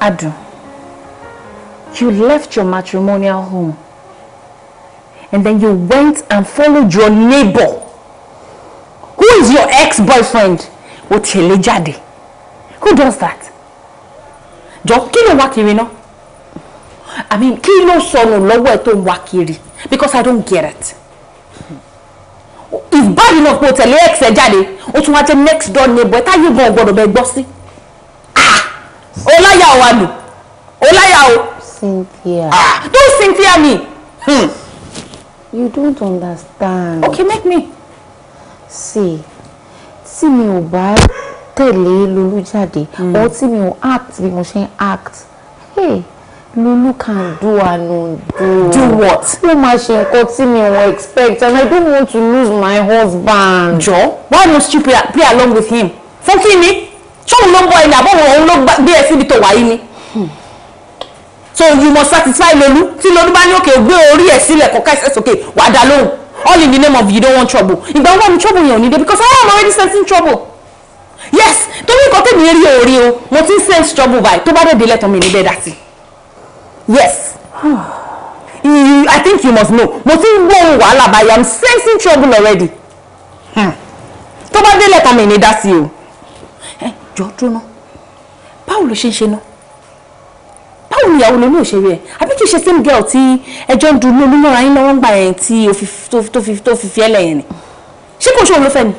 Adu, you left your matrimonial home and then you went and followed your neighbor who is your ex-boyfriend Otele Jade. Who does that? Jọ kí ló wá kiri I mean kilo ló sọnù lọ́wọ́ ẹ̀ tó ń wá because I don't get it. It's bad enough mo tẹ̀lé ex ẹ̀ jáde, ó tún wá jẹ́ next door neighbor ẹ̀ táyé gan ọ̀gbọ́dọ̀ bẹ́ẹ̀ gbọ́ sí ọláyà wa lò ọláyà o. Cynthia. ah don't Cynthia me. Hmm. you don't understand. okay make me. see tí mi ò bá tẹ̀lé lolú jáde hmm. or tí mi ò act bí mo ṣe ń act. Hey. Lulu can do and undo. Do what? Ó máa ṣe nǹkan tí mi ò expect and I don't want to lose my husband. Jọ̀ọ́, why must you play, play along with him? Fọ́n kí ni? ṣóun ló bọ́ ẹni àbọ̀wọ̀ òun ló gbé ẹ síbi tó wà ni so you must satisfy lolu tí lolu bá ní òkè gbé orí ẹ sílẹ̀ kọ́ka ẹsẹ̀ sókè wàá dá lóhùn all in the name of you don't want trouble ìgbà wọn ni trouble yẹn ò ní dé because I am already sensing trouble yes torí nǹkan tèmi rí orí o mo ti ń sense trouble by tó bá dé délẹ̀ tán mi ní bẹ́ẹ̀ yes. You, I think you must know. Mo ti ń gbọ́ ohun wàhálà báyìí. I'm sensing trouble already. Hmm. Tó bá délẹ̀ ta mi ní dá sí o jọ dúró báwo ló ṣe ń ṣe ná báwo ni ìyàwó lolú òṣèré ẹ àbí kì ṣe same girl tí ẹjọ́ ń dun lolú mọ́ra yín lọ́wọ́ ń gbà yẹn tí tó fi fi ẹ́ lẹ́yìn ni ṣé kò ṣòro ló fẹ́ ni.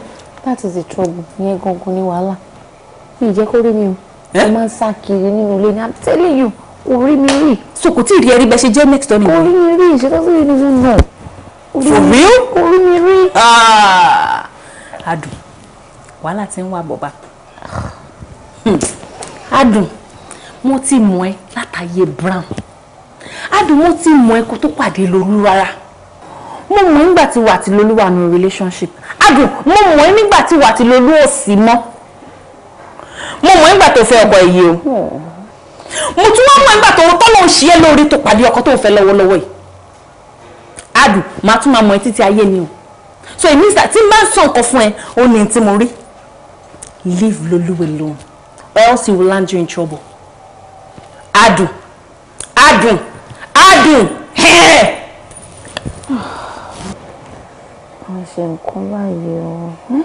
that is the trouble yẹn gangan ni wàhálà mi ì jẹ́ kó rí mi o mo máa ń sá kiri nínú ilé ni i'm telling you kò rí mi rí. so kò tí ì rí ẹrí bẹ́ẹ̀ ṣe jẹ́ next door ni. kò rí mi rí ìṣẹ́jọ́ sí ẹni tó nà. for real. kò rí mi rí. Ah! adùn wàhálà ti ń wá bọ̀ bá. Hmm. adùn mo ti mọ̀ ẹ́ látàyè brown adùn mo ti mọ̀ ẹ́ kó tó pàdé lolú rárá mo mọ̀ ẹ́ nígbà tí wà tí lolú wà nínú relationship adùn mo mọ̀ ẹ́ nígbà tí wà tí lolú ò sí mọ́ mo mọ̀ ẹ́ nígbà tó fẹ́ ọkọ ẹ̀yẹ o mo tún wá mọ̀ ẹ́ nígbà tó tọ́lọ̀ ń ṣiyẹ́ lórí tó pàdé ọkọ tó fẹ́ lọ́wọ́lọ́wọ́ yìí adùn màá tún máa mọ̀ ẹ́ títí ayé ni o so it tí n bá ń sọ nǹkan fún ẹ ó ní tí mo rí leave lolú alone or else he will land you in trouble. Adùn. Adùn. Adùn. Mo ṣe nǹkan báyìí o. Hmm?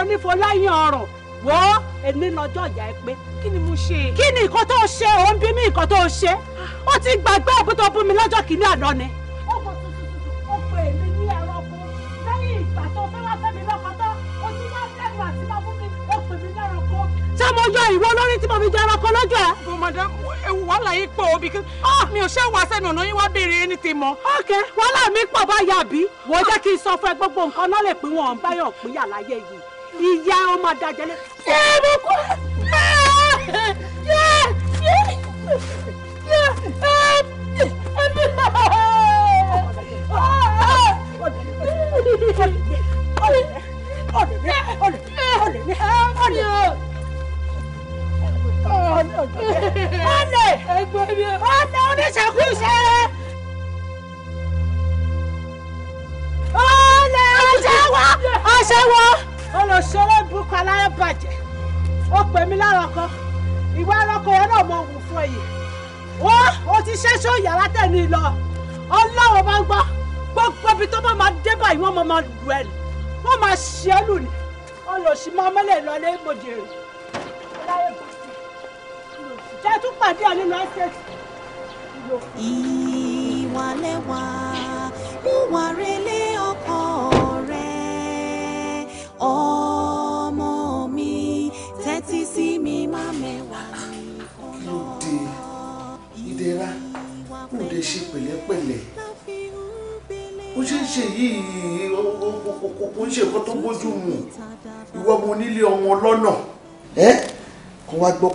onífọláyàn ọ̀rọ̀ wọ́ ẹni lọ́jọ́ ìyá ẹ pé kí ni mo ṣe. kí ni nǹkan tó ṣe ò ń bí mi nǹkan tó ṣe ó ti gbàgbé òkú tó bú mi lọ́jọ́ kìíní àná ni. ó kò tuntun ó pè mí ní ẹranko lẹ́yìn ìgbà tó fẹ́ wá fẹ́ mi lọ́kàn tán ó ti wá dẹ́nu àti máa bú mi ó pè mí lẹ́ranko. ṣé mo yọ ìwọ olórí tí mo fi jẹ ẹranko lọ́jọ́ ẹ. mo mọ̀ dá wàhálà yìí pọ̀ òbí kí ah! Ah, mi ò ṣe wá sẹ́nu ọ̀nà yín wá béèrè ẹni tí mo. ok wàhálà mi pọ̀ báyà bí wọ́n jẹ́ kí n sọ fún ẹ gbogbo nǹkan náà lè pín wọn báyọ̀ pín láyé yìí ìyá ọmọ àdàjẹ́ lé. ṣé mo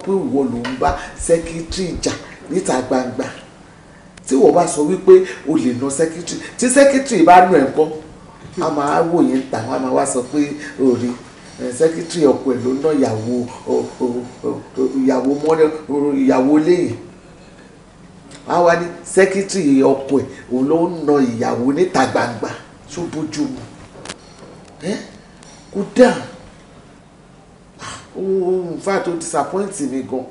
pé ìwọ ló ń bá sẹ́kítírì jà níta gbangba tí wọ́n bá sọ wípé o lè nà sẹ́kítírì tí sẹ́kítírì bá nù ẹ̀ kọ́ a máa wò yín ta a máa wá sọ pé òòrè sẹ́kítírì ọkọ ẹ̀ ló ná ìyàwó ìyàwó mọ́lẹ́ ìyàwó léyìn a wá ní sẹ́kítírì ọkọ ẹ̀ òun ló ń nà ìyàwó níta gbangba tó bójú mu kódà. Eh? ohun ìfà tó disappoint mi gan mi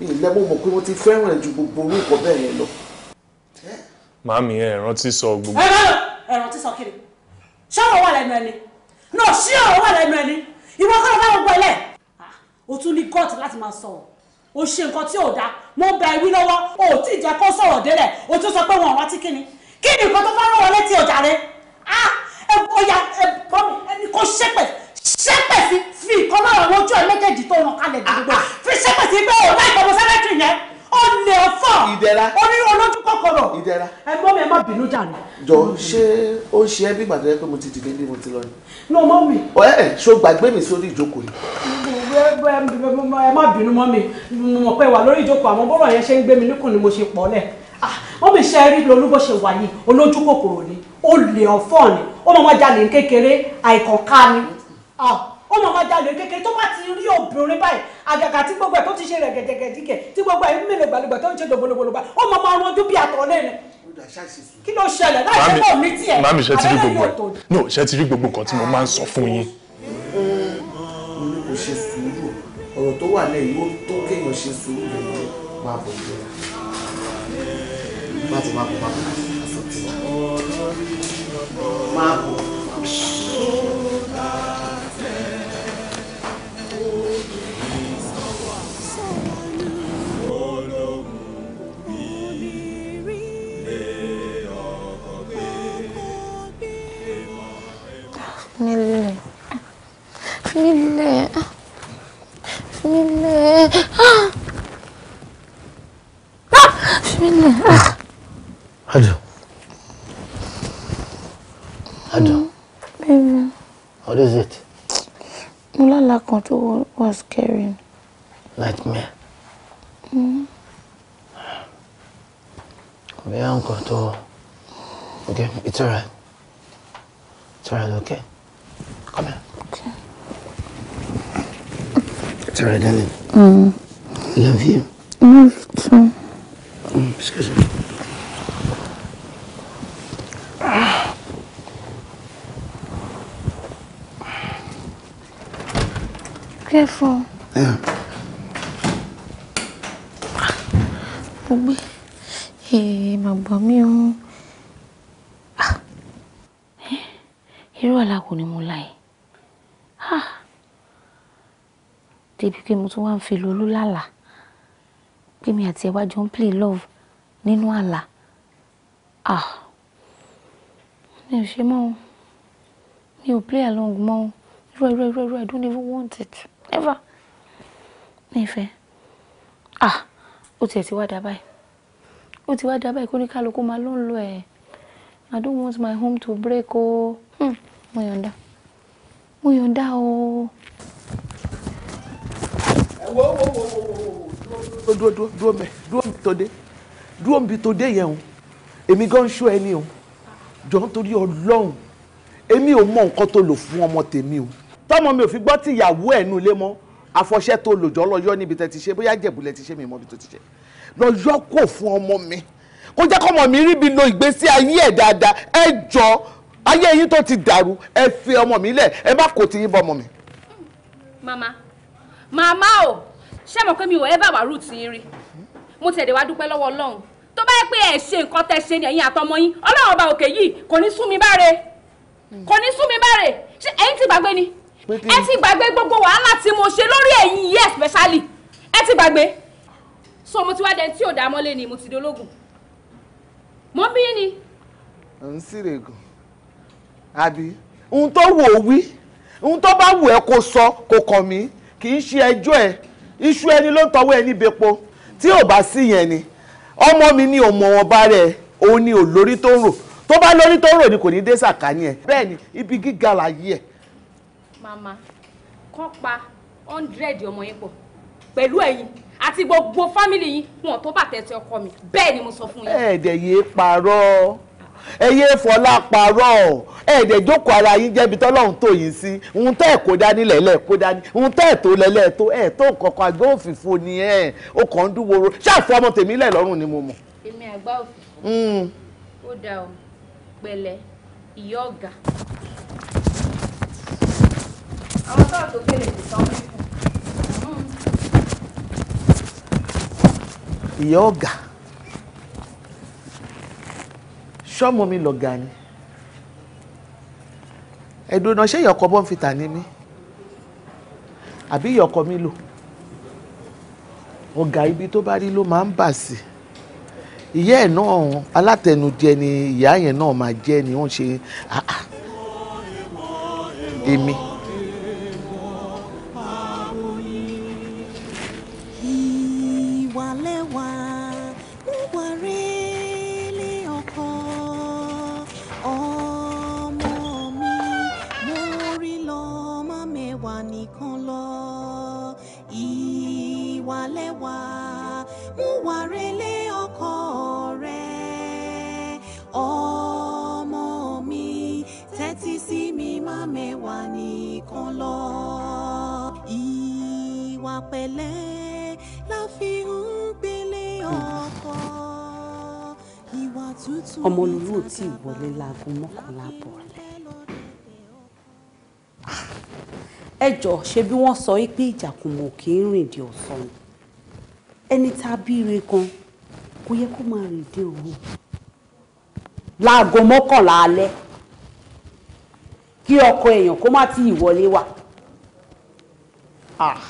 ì lẹ́mọ̀ mọ̀ pé mo ti fẹ́ràn ẹ̀ ju gbogbo orú nǹkan bẹ́ẹ̀ yẹn lọ. màámi ẹ rántí sọ gbogbo. ẹ bá ẹ rántí sọ kiri ṣọ́rọ̀ wà lẹ́nu ẹni náà ṣí ọ̀rọ̀ wà lẹ́nu ẹni ìwọ kọ́ ló bá gbogbo ẹlẹ́ ah, o tún ní gọ́ọ̀tì láti máa sọ̀rọ̀ o ṣe nǹkan tí o dáa mo bẹ ìwí lọ́wọ́ o ò tí ì jẹ́ kó sọ̀rọ̀ délẹ̀ o tún sọ pé wọn ò rántí kíni kí ni nǹkan tó fẹ́ wọlé ti ọ̀jà rẹ ah ẹ bóyá ẹ bọ́ mi ẹni kò ṣépè ṣépè sí fi ìkan lára àwọn ojú ẹ méjèèjì tó ràn kalẹ̀ gbogbo ah, ah. fi ṣépè sí pé òun láì tọmọ sẹ́lẹ̀tì yẹn ó lè fọ́ orí olójú kòkòrò ẹgbọ́n mi ẹ má bínú jàre. jọ ṣé ó ń ṣe ẹ bí gbàgbé pé mo ti dìde ní mo ti lọ ni. ní ọmọ mi. ẹ ẹ ṣó gbàgbé mi sórí ìjókòó yìí ẹ má bínú mọ́ mi mo mọ̀ pé wà lórí ìjókòó àmọ́ bọ́rọ̀ yẹn ṣe ń gbé mi níkùn ni mo ṣe pọ̀ lẹ̀ wọ́n ah, mi ṣe rí lolú ṣe wà yìí olójú kòkòrò ni olè ọ̀fọ̀ ni ó máa ma jalè kékeré àìkọ̀ká ni Ah, ó mọ̀ máa jalè kékeré tó bá ti rí obìnrin báyìí àgàgà tí gbogbo ẹ̀ tó ti ṣe rẹ̀ gẹ̀gẹ̀gẹ̀ tí gbogbo ẹ̀ mélòó gbàlúgbà tó ń ṣe dògbòlògbòlògbà ó mọ̀ máa rọjú bí àtọ̀ lẹ́nu kí ló ṣẹlẹ̀ láì ṣe pọ̀ mí tiẹ̀ màmí ṣe ti rí gbogbo ẹ̀ no ṣe ti rí gbogbo nǹkan tí mo máa ń sọ fún yín. mo ní kò ṣe sùúrù ọ̀rọ̀ tó wà lẹ́yìn ó tó kéèyàn ṣe sùúrù lẹ́yìn máa bọ̀ jẹ́ láti Fímílẹ̀. Fímílẹ̀. Fímílẹ̀. Ah! Fímílẹ̀. Ah! Adùn. Adùn. Mm, baby. What is it? Mo lálàá kan was scary. Nightmare. Mm. Okay, uncle, to... Okay, it's alright. It's alright, okay? Come here. Okay. It's all darling. Mm. Love you. Love you too. excuse me. Careful. Yeah. Bobby. Hey, my bummy. Ah. Eh? Irú àlá kò ní mo láì. débi pé mo tún wá ń fi lolú lálàá pé mi àti ẹ̀ jọ ń play love nínú àlá ah mi ò ṣe mọ́ o mi ò play along mọ́ o irú irú irú irú I don't even want it ever mi ìfẹ́ ah ó tiẹ̀ ti wá dà báyìí ó ti wá dà báyìí kó ní kálukú máa ló ń lo ẹ̀ I don't want my home to break o hmm. mo yọ̀ǹda mo yọ̀ǹda o wo wo wo wo dúró dúró dúró mẹ dúró mi tó dé dúró mi tó dé yẹn o èmi gan ṣó ẹni o jọ nítorí ọlọ́run èmi ò mọ nǹkan tó lò fún ọmọ tèmi o tọmọ mi ò fi gbọ́ tí ìyàwó ẹ̀ nu ilé mọ́ afọṣẹ́ tó lò jọ lọ́yọ́ níbi tẹ́ ti ṣe bóyá jẹ̀bùlẹ̀ ti ṣe mi mọ́ bí tó ti ṣe lọ́yọ́ kò fún ọmọ mi kó jẹ́ kọ́mọ mi ríbi lo ìgbésí ayé ẹ̀ dáadáa ẹ jọ ayé yín tó ti dàrú ẹ fi ọmọ mi lẹ̀ ẹ bá kò tí yín bọ́ ọmọ mi. mama màmá o ṣé mọ̀ pé mi ò ẹ́bà wàrú ti rí mo tẹ̀lé wá dúpẹ́ lọ́wọ́ ọlọ́run tó bá yẹ pé ẹ̀ ṣe nǹkan tẹ́ ṣe ni ẹ̀yin àtọmọ yín ọlọ́run ọba òkè yìí kò ní sún mi báre kò ní sún mi báre ṣé ẹ̀yin ti gbàgbé ni ẹ ti gbàgbé gbogbo wàhálà tí mo ṣe lórí ẹ̀yin yìí especially ẹ ti gbàgbé so mo ti wá dẹ tí ò dá mọ́lé ni mo ti dológun mo bí ni. à ń sírègùn àbí ohun tó wù ó wí ohun tó bá wù ẹ́ kó sọ kó kọ̀ mí kì í ṣe ẹjọ́ ẹ iṣu ẹni ló ń tọwọ́ ẹni bepo tí ò bá sí yẹn ni ọmọ mi ni ọmọ wọn bá rẹ òun ni ò tó ń rò tó bá lórí tó ń rò ni kò ní dé sàkání ẹ bẹ́ẹ̀ ni ibi gíga láyé ẹ. màmá kán pa hundred ọmọ yín pọ̀ pẹ̀lú ẹ̀yin àti gbogbo fámìlì yín wọn tó bàtẹ́ ti ọkọ mi bẹ́ẹ̀ ni mo sọ fún yín. ẹ̀ẹ́dẹ̀ yéé parọ́ ẹyẹ yéé fọlá parọ ẹ̀ẹ́dẹ̀ jókòó ara yín jẹ́bi tọ́lọ́run tó yín sí ohun tẹ́ ẹ̀ kó dání kó dání ohun ẹ̀ tó tó tó òfìfo ni kàn ń ọmọ tèmi ni mo èmi àgbà òfìfo hmm. ó dà o ṣọ́mọ mi lọ̀gá ni ẹ̀dùnà ṣé ìyọ̀kọ̀ bọ́n fi tà ní mí àbí ìyọ̀kọ̀ mi lò ọ̀gá ibi tó bá rí ló máa ń bà sí ìyá ẹ̀ náà alátẹnujẹ ni ìyá yẹn náà máa jẹ́ ni wọ́n ṣe èmi. Ah, ah. rẹwà múwà relé ọkọ rẹ ọmọ mi tẹ́tí sí mi má mẹ́wàá nìkan lọ ìwà pẹ̀lẹ́ la fi ń gbélé ọkọ ìwà tútù. Ọmọlúlú ò tí wọlé láago mọ́kànlá bọ̀ ah, ẹ jọ ṣe bí wọ́n sọ pé ìjàkùmọ̀ kì í rìn di ọ̀sán ni ẹni tá a bí ire kan kò yẹ kó máa rìn dé òru láago mọ́kànlá alẹ́ kí ọkọ èèyàn kó má tíì wọlé wá ah,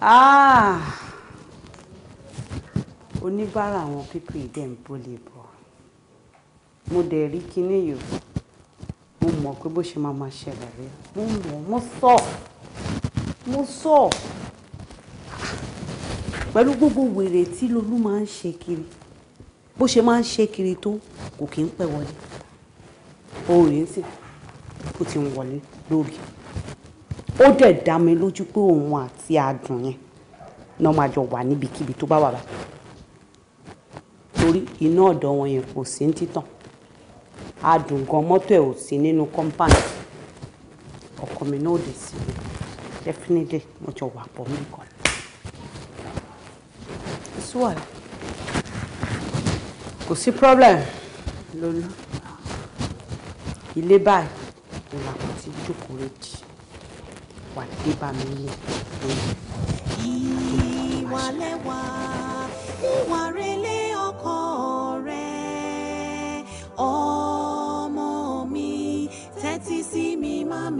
ah. oníbàárà àwọn pípé ìdẹ́ ń bólè bọ̀ mo dẹ̀ rí kinní yòó mo mọ̀ pé bó ṣe máa máa ṣẹlẹ̀ rí mo mọ̀ mo sọ. So mo sọ pẹ̀lú gbogbo wèrè tí Lolú máa ń ṣe kiri bó ṣe máa ń ṣe kiri tó kò kí ń pẹ́ wọlé òun rèé sì kò ti ń wọlé lórí ó dẹ̀ dá mi lójú pé òun àti adùn yẹn náà máa jọ wà níbikíbi tó bá wà báyìí torí iná ọ̀dọ̀ wọn yẹn kò sí ní títàn adùn gan mọ́tò ẹ̀ ò sí nínú kọ́ńpáànì ọkọ mi náà ò dé sí i definitely mo jọ wà pọ̀ mí kan. suwal kò sí problem lónìí ilé báyìí mo là kó ti jókòó rèjì wà dé bá mi lè lórí àti ìwà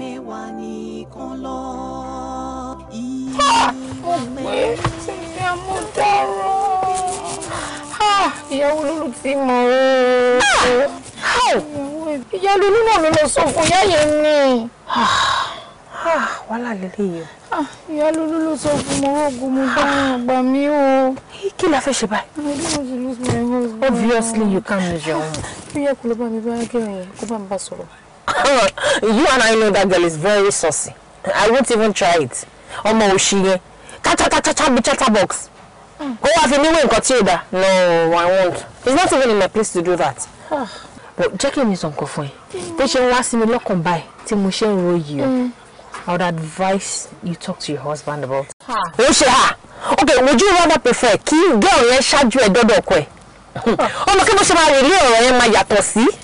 mẹ́wàá nìkan lọ. mo gbé títí amúdárò ìyàwó lulu ti mọ̀ o ìyá lulu náà ló lọ sọ fún yáyẹ ni wàhálà lélẹ́yìí o. ìyá lulu ló sọ fún mi oògùn mo bá àgbà mi o. kí la fẹ́ ṣe báyìí. I don't want to lose my husband. obviously you can't lose your own. ó yẹ kó ló bá mi bá gẹ̀rẹ̀ kó bá mi bá sọ̀rọ̀ you and I know that girl is very saucy. I won't even try it. Ọmọ òṣì yẹn. Cha-cha-cha-cha be chatterbox. Kó wá fi mí wé No, I won't. It's not even in my place to do that. Ah. But jẹ́ is on sọ nǹkan fún ẹ. Bó ṣe ń wá sí mi lọ́kàn báyìí tí mm. I would advise you talk to your husband about it. Ó ṣe ha. Okay, would you rather prefer kí girl yẹn ṣáájú ẹ̀ dọ́dọ̀ ọkọ ẹ̀? Ọmọ kí mo ṣe máa rèé lé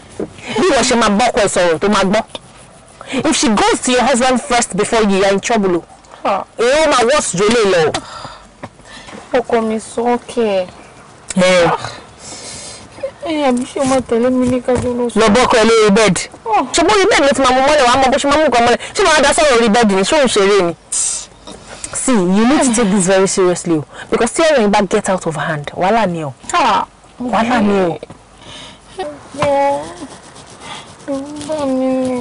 bí wọ́n ṣe máa bọ́kọ ẹ̀ sọ̀rọ̀ tó máa gbọ́ if she goes to your husband first before you are in trouble Oh, ah. èyí ó máa worse jù lè lọ. ọkọ mi sọ́ọ̀kẹ́ Eh, ah. ẹyà bí ṣe máa tẹ̀lé mi ní kájọ ló sọ. lọ bọ́kọ ẹ lórí bẹ́ẹ̀dì. ṣùgbọ́n orí bẹ́ẹ̀dì ló ti máa mú mọ́lẹ̀ wàá mọ bó ṣe máa mú nǹkan mọ́lẹ̀ ṣé màá dá sọ̀rọ̀ orí bẹ́ẹ̀dì ni ṣé òun ṣeré ni. see you need to take this very seriously o because tí ẹ̀rọ yìí get out of hand wàhálà ni o ah. wàhálà ni o. Eh, eh, eh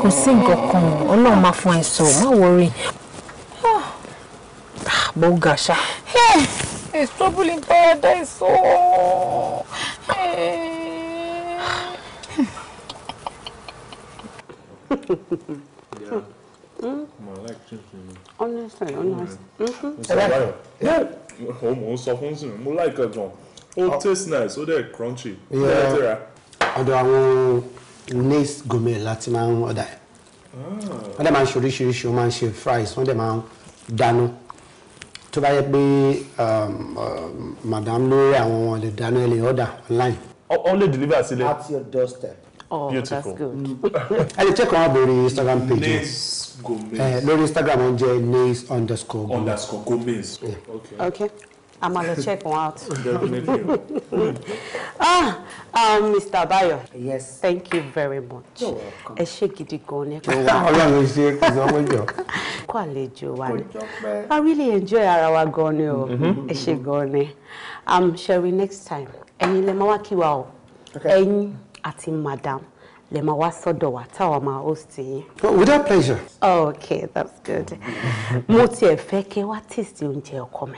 kò sí nǹkan kan ọlọ́run máa fún ẹ sọ má wọrí ah, bó ga ṣá. Eh, it's trouble in paradise o. yeah. Mm. like chicken. Honestly, mm-hmm. honestly. Mo mm-hmm. mo sọ fún sí mi, mo like ẹ̀ gan. Ó oh. taste nice, ó dẹ̀ crunchy. Ọ̀dọ̀ àwọn Nays gourmet láti máa ń ọ̀dà ẹ̀ wọ́n dẹ̀ máa ń ṣe oríṣiríṣi wọ́n máa ń ṣe fries wọ́n dẹ̀ máa ń dáná tó bá yẹ pé um, uh, madam lórí àwọn wọn lè dáná ẹ lè ọ̀dà online. Only lè deliver sílẹ̀. at your doorstep. Oh, Beautiful. that's good. ẹ lè check àwọn lórí Instagram page. Nays Gomez. Eh, lórí Instagram wọn jẹ́ nace underscore Gomez. underscore Gomez. okay. okay. I'm gonna check one out. ah um, Mr. Bayo. yes. thank you very much. you're welcome. ẹ ṣé gidi gan ni. Ọlọ́run ló ṣe kò sọ pé jọ. kó àlejò I really enjoy our wa gan ni o mm-hmm. ẹ ṣé gan ni um, Sherry next time Any lè máa wá kí wa o madam lè máa wá sọ́dọ̀ wa táwọn máa host yín. Oh, with that pleasure. okay that's good. mo tiẹ̀ What is the tìsí oúnjẹ ọkọ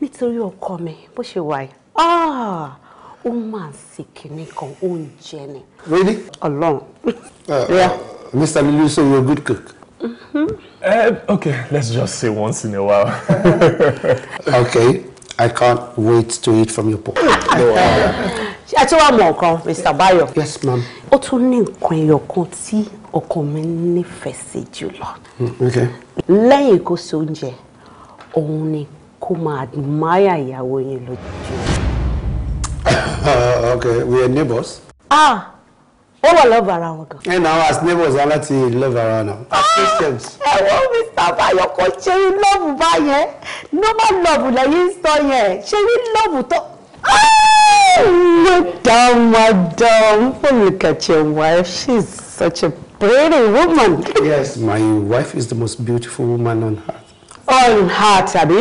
nítorí ọkọ mi bó ṣe wà yìí ah, ó máa ń sì kìíní kan oúnjẹ ni. really. Ọlọ́run. Uh, uh, Mr. so you a good cook. mm okay let's just say once in a while. okay I can't wait to eat from your pot. ṣé tí wàá mọ nǹkan Mr. Bayo. yes ma'am. ó tún ní nǹkan ẹyọ kan tí ọkàn mi nífẹ̀ẹ́ sí jùlọ. Mm, okay. lẹ́yìn kó so oúnjẹ òun ni kó máa admire ìyàwó yẹn lójú. Uh, okay we are neighbors. ah ó wà lọ́ọ̀bù ara wọn kan. ẹ náà as neighbors aláti love ara náà as ah, christians. ẹ wọ́n mr bayo kò ṣe rí lọ́ọ̀bù báyẹn normal lọ́ọ̀bù lẹ́yìn sọ yẹn ṣe rí lọ́ọ̀bù tó. Madam, ah! madam, look at your wife. She's such a pretty woman. Yes, my wife is the most beautiful woman on earth all heart àbí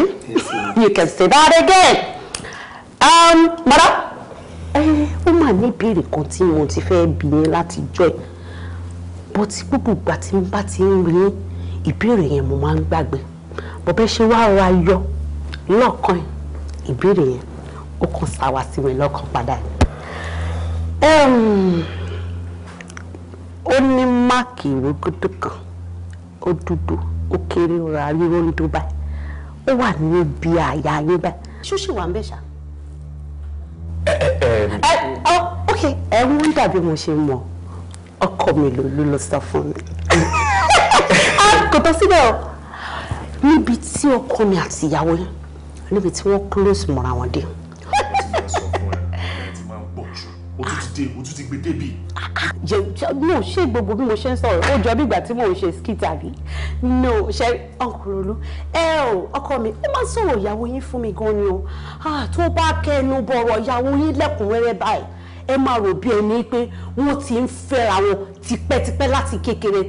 you can say that again um, madam ó mà ní ìbéèrè kan tí mo ti fe bi yín láti jọ ẹ̀ bó ti gbogbo ìgbà tí n bá ti ń rí ìbéèrè yẹn mo máa ń gbàgbé bó bẹ́ẹ̀ ṣe wáá ra yọ lọ́ọ̀kan ìbéèrè yẹn ó kàn sáwà sí mi lọ́kàn padà um, ó kan ó dúdú ó kéré ra ríro ń dó báyìí ó wà níbi àyà yín báyìí ṣúṣì wà ń bẹ̀ ṣá. ẹ ẹ ẹ ọ ok ẹ wọ́n dàbí mo ṣe mọ̀ ọkọ mi ló ló sọ fún mi kò tó síbẹ̀ o níbi tí ọkọ mi àti ìyàwó yẹn níbi tí wọ́n close mọ́ra wọn dé. dé o tún ti gbé débi. jẹ mi ò ṣe gbogbo bí mo ṣe ń sọ̀rọ̀ ó jọ bí ìgbà tí mo ò ṣe skit àbí no ṣe ọkùnrin olú ẹ o ọkọ mi ẹ máa sọ̀rọ̀ ìyàwó yín fún mi gan ni o ah, tó bá kẹnu bọ̀rọ̀ ìyàwó yín lẹ́kùnrẹ́rẹ́ báyìí ẹ máa rò bí ẹni pé wọ́n ti ń fẹ́ra wọn tipẹ́tipẹ́ láti kékeré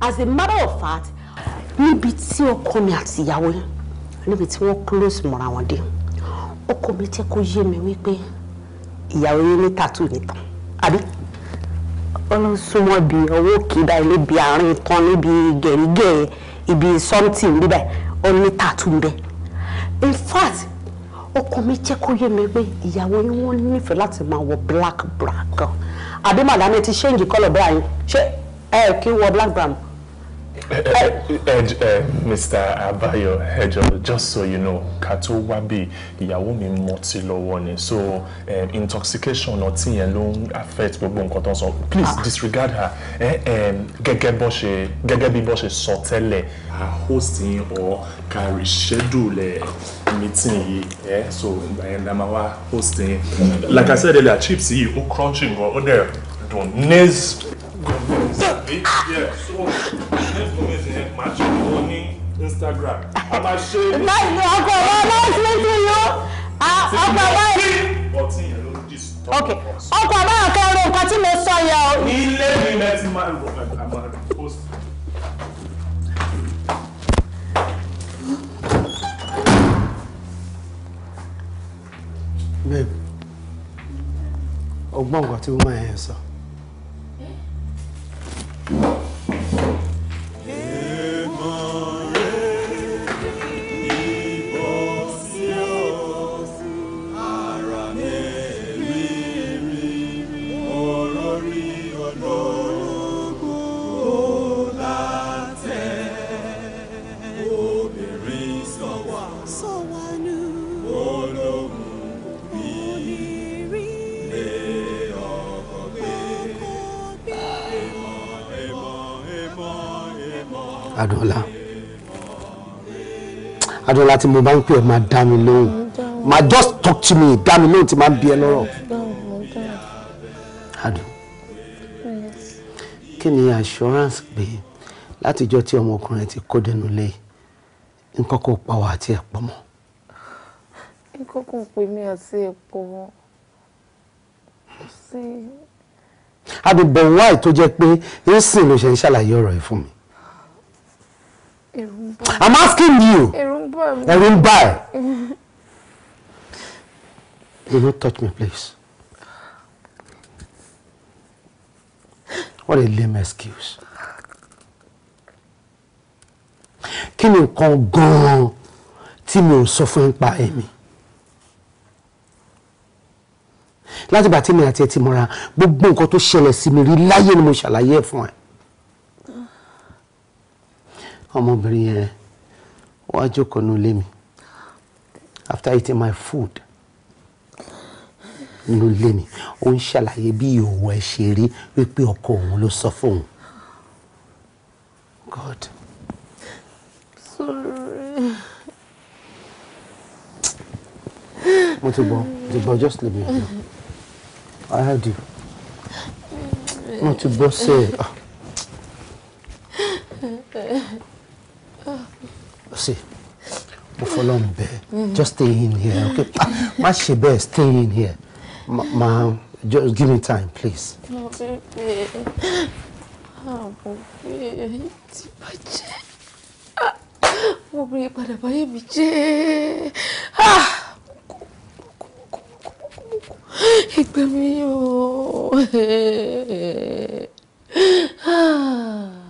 as a matter of fact níbi tí ọkọ mi àti ìyàwó yín níbi tí wọ́n close mọ́ra wọn dé ọkọ mi jẹ́ kó yé mi wípé ìyàwó yín ní tàtú nìkan àbí ọlọ́run bi, bí ọwọ́ òkè bi níbi àárín kan níbi gẹ̀rígẹ̀ ibi something níbẹ̀ ó ní tàtú in fact ọkọ mi jẹ́ kó yé mi pé ìyàwó yín wọ́n nífẹ̀ẹ́ láti máa wọ black bra gan àbí màdàmí ti ṣéǹjì kọ́lọ̀ bra yín ṣé ẹ kí wọ black brown. Eh, eh, eh, Mr. Abayo ẹjọ just so you know ká wabi wá bí ìyàwó mi so um, intoxication ọtí yẹn ló ń affect gbogbo nǹkan please ah. disregard her gẹ́gẹ́ bó ṣe gẹ́gẹ́ bí bó a host or carry reschedule meeting yìí eh? so ìgbà hosting. like I said earlier chips yìí ó crunchy gan ó dẹ̀ dùn nails. Instagram. A máa ṣe. Láìpẹ́ you wa máa ń ṣe sí yó. Ọkọ̀ wa. Ọtí yẹn ló dì sí tọ́. Ọkọ̀ wa kan ro nǹkan tí mo sọ yẹ o. Ilé mi lẹ ti máa ń ro àmọ́ post. Babe, ọgbọ́n ọ̀gbà tí ó máa ń sọ. So. Thank you. Adola, Adola, tí mo bá ń pè ọ́ máa dá mi lóhùn máa just talk to me dá mi lóhùn tí máa ń bí ẹ lọ́rọ̀ Adùn kí ni assurance gbé látijọ́ tí ọmọkùnrin ti kó dẹnu lé nǹkan kò pa wá àti ẹ̀pọ̀ mọ́. nǹkan kò pè mí àti ẹ̀pọ̀ mọ́ sí. Adùn bọ̀ wáì tó jẹ́ pé ń sìn ló ṣe ń ṣàlàyé ọ̀rọ̀ yìí fún mi. I'm asking you. Ẹ̀rù ń bà ẹ́. Do not touch me, please. What a lame excuse. Kini ni nǹkan gan-an tí mi ò sọ fún nípa ẹ̀mí? Látìgbà tí mi àti ẹ ti mọ́ra, gbogbo nǹkan tó ṣẹlẹ̀ sí mi rí láyé ni mo ṣàlàyé ẹ̀ fún ẹ ọmọbìnrin yẹn wàá jókòó nínú ilé mi after eating my food nínú ilé mi ó ń ṣàlàyé bí ìhòòhò ẹ̀ ṣe rí wípé ọkọ òun ló sọ fóun God. Sorry. mo ti gbọ́ mo ti gbọ́ just leave me alone I heard you mo ti gbọ́ sẹ́ẹ̀ see mo fọlọ́n bẹ́ẹ̀ just stay in here okay ah, má ṣe bẹ́ẹ̀ stay in here ma, ma just give me time please. mo fi pe ààbò pé èyí ti bàjẹ́ ah, mo bèrè padà báyé mi jẹ́ ẹgbẹ́ ah, mi yóò.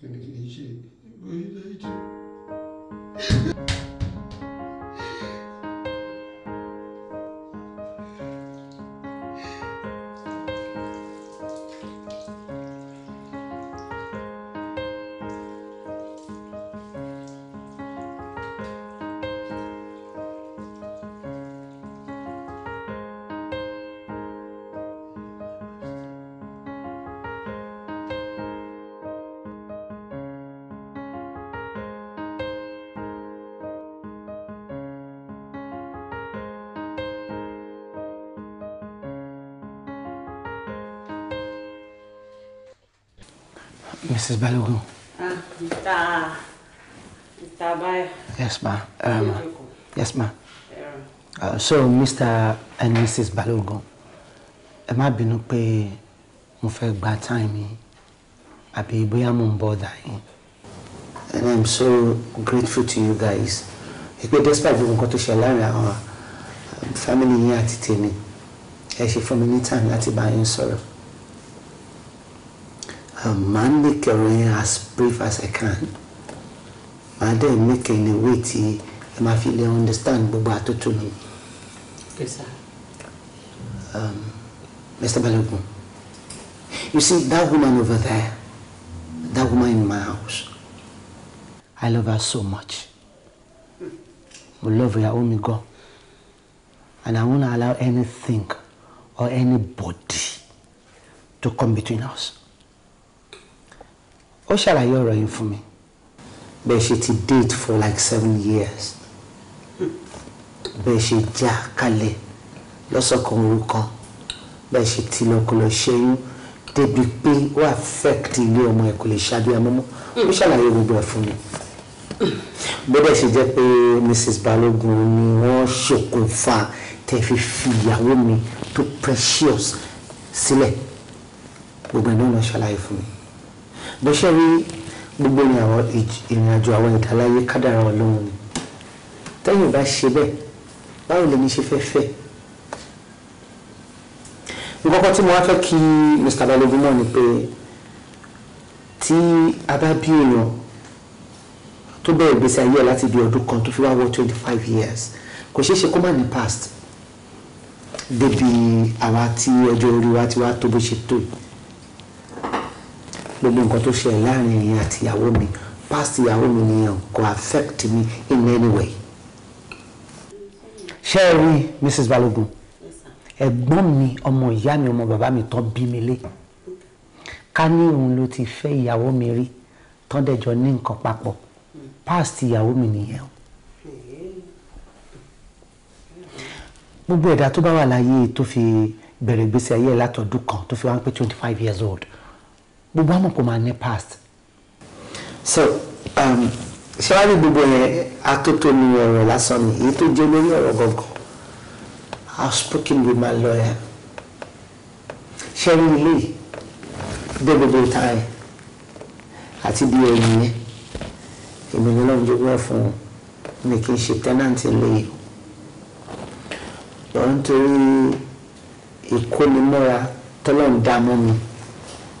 跟你联系，我一直 Mrs. Balogun. Ah, Mr. Mr. Abayo. Yes, ma'am. Um, yes, ma'am. Uh, so, Mr. and Mrs. Balogun, ẹ má bínú pé mo fẹ́ bad time yìí àbí very mo ń bother And I'm so grateful to you guys. Ìpè despite we've nǹkan tó ṣe láàrin àwọn family here at tèmi, ẹ ṣe fún mi ní time láti bá yín sọ̀rọ̀ màá make ọ̀rọ̀ yẹn as brief as I can màá dẹ̀ make ẹni wé tí ẹ máa fi lè understand me. Okay, sir. Um, Mr. Balogun, you see that woman over there, that woman in my house, I love her so much. We love her, oh my God. And I won't allow anything or anybody to come between us ó ṣàlàyé ọ̀rọ̀ yìí fún mi bẹ́ẹ̀ ṣe ti date for like seven years bẹ́ẹ̀ ṣe já kalẹ̀ lọ́sọ̀kan orúkan bẹ́ẹ̀ ṣe ti lọ́kọlọ ṣẹ́yún débi pé ó affect ilé ọmọ ẹ̀ kò lè ṣáájú ẹ̀ mọ́mọ́ ó ṣàlàyé gbogbo ẹ̀ fún mi bóde ṣe jẹ́ pé mrs balógun ni wọ́n ṣokùnfà tẹ́ fi fi ìyàwó mi tó precious sílẹ̀ gbogbo ẹ̀ náà lọ ṣàlàyé fún mi bó ṣe rí gbogbo ní àwọn ìrìn àjò àwọn ìdáláyé kádàrá ọlọ́run ni tẹ́yìn bá ṣe bẹ́ẹ̀ báwo lèmi ṣe fẹ́ fẹ́ nǹkan tí mo wá fẹ́ kí Mr. Balogun mọ̀ ni pé tí a bá bí èèyàn tó bẹ̀rẹ̀ ìgbésí ayé ẹ̀ láti bí ọdún kan tó fi wá wọ twenty five years kò ṣeé ṣe kó má ní past débi àwa tí ọjọ́ orí wa ti wá tó bó ṣe tó yìí gbogbo nǹkan tó ṣẹlẹ̀ láàrin ìyẹn àti ìyàwó mi past ìyàwó mi nìyẹn kò affect me in any way. ṣé ẹ rí Mrs. Balogun ẹ̀gbọ́n mi ọmọ ìyá mi ọmọ bàbá mi tán bí mi lé ká ní òun ló ti fẹ́ ìyàwó mi rí tán dẹ̀jọ ní nǹkan papọ̀ past ìyàwó mi nìyẹn o. gbogbo ẹ̀dá tó bá wà láyé tó fi bẹ̀rẹ̀ ìgbésí ayé látọ̀dún kan tó fi wá ń pé twenty five years old gbogbo àmọ̀ kò máa ní past. so um, ṣíwájú gbogbo yẹn atótónu ọ̀rọ̀ lásán ni èyí tó jẹ́ lórí ọ̀rọ̀ gangan I have spoken with my lawyer ṣẹ́rí ilé débèbè táyì àti bí ẹ̀yìn yẹn èmi ni lọ́n jogún ẹ̀ fún mi kì í ṣe tẹ́nàntì ilé yìí lọ́n torí ìkónimọ́ra tọ́lọ́ ń dá mọ́ mi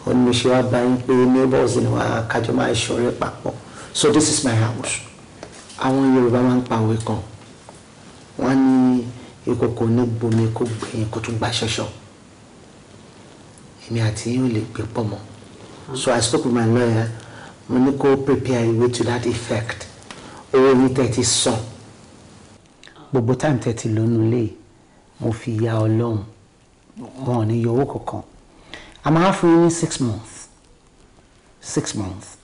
ó ní ṣe wá bá pé neighbors ni wàá kájọ máa ṣọ̀rẹ́ papọ̀ so this is my house àwọn Yorùbá máa ń pa òwe kan wọ́n ní ìkòkò ní gbomi kó gbẹ̀yìn kó tún gba ṣọṣọ èmi àti yín ò lè gbé pọ̀ mọ́ so I spoke with my lawyer mo ní kó prepare ìwé to that effect owó ní tẹ́tí sàn gbogbo táìmù tẹ́tí lónú lé mo fi ya ọlọ́run wọn ò ní yọ owó kankan I'm máa you yín six months six months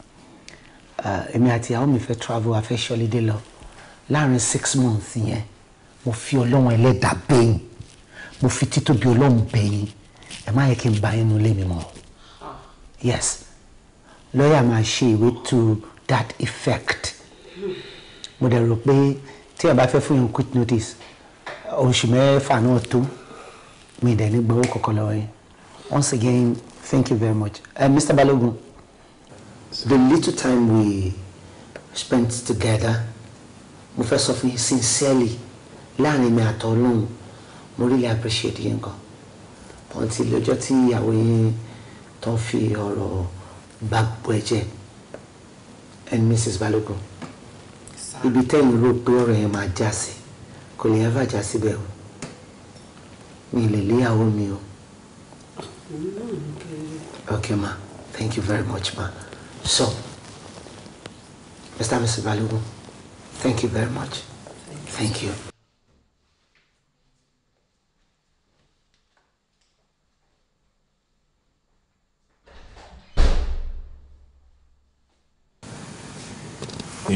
uh, èmi àti ìyàwó mi fẹ́ travel a fẹ́ ṣọlídé lọ láàrin six months yẹn mo fi ọlọ́run ẹlẹ́dàá bẹ́yìn mo fi títóbi ọlọ́run bẹ́yìn ẹ má yẹ kí n ba inú ilé mi mọ́ yes lọ́ọ̀yà máa ṣe ìwé to that effect mo dẹ̀ rò pé tí ẹ bá fẹ́ fún yín quick notice oṣù mẹ́fà náà tó mi dẹ̀ ní gbowó kọ̀ọ̀kan lọ́wọ́ yín. Once again, thank you very much. Uh, Mr. Balogun, the little time we spent together, mo fẹ́ sọ fún yín sincerely láàrin mi àtọ́ ọlọ́run mo really appreciate yín gan until lọ́jọ́ tí ìyàwó yín tó fi ọ̀rọ̀ bá gbogbo ẹ jẹ́ and Mrs. Balogun ibi tẹ́yìn rò pé ọ̀rọ̀ yẹn máa já sí kò lè ever já síbẹ̀ o mi lè léyàwó mi o Okay, ma. Thank you very much, ma. So, Mr. Mr. Mrs. Balogun, thank you very much. Thank you. Thank you.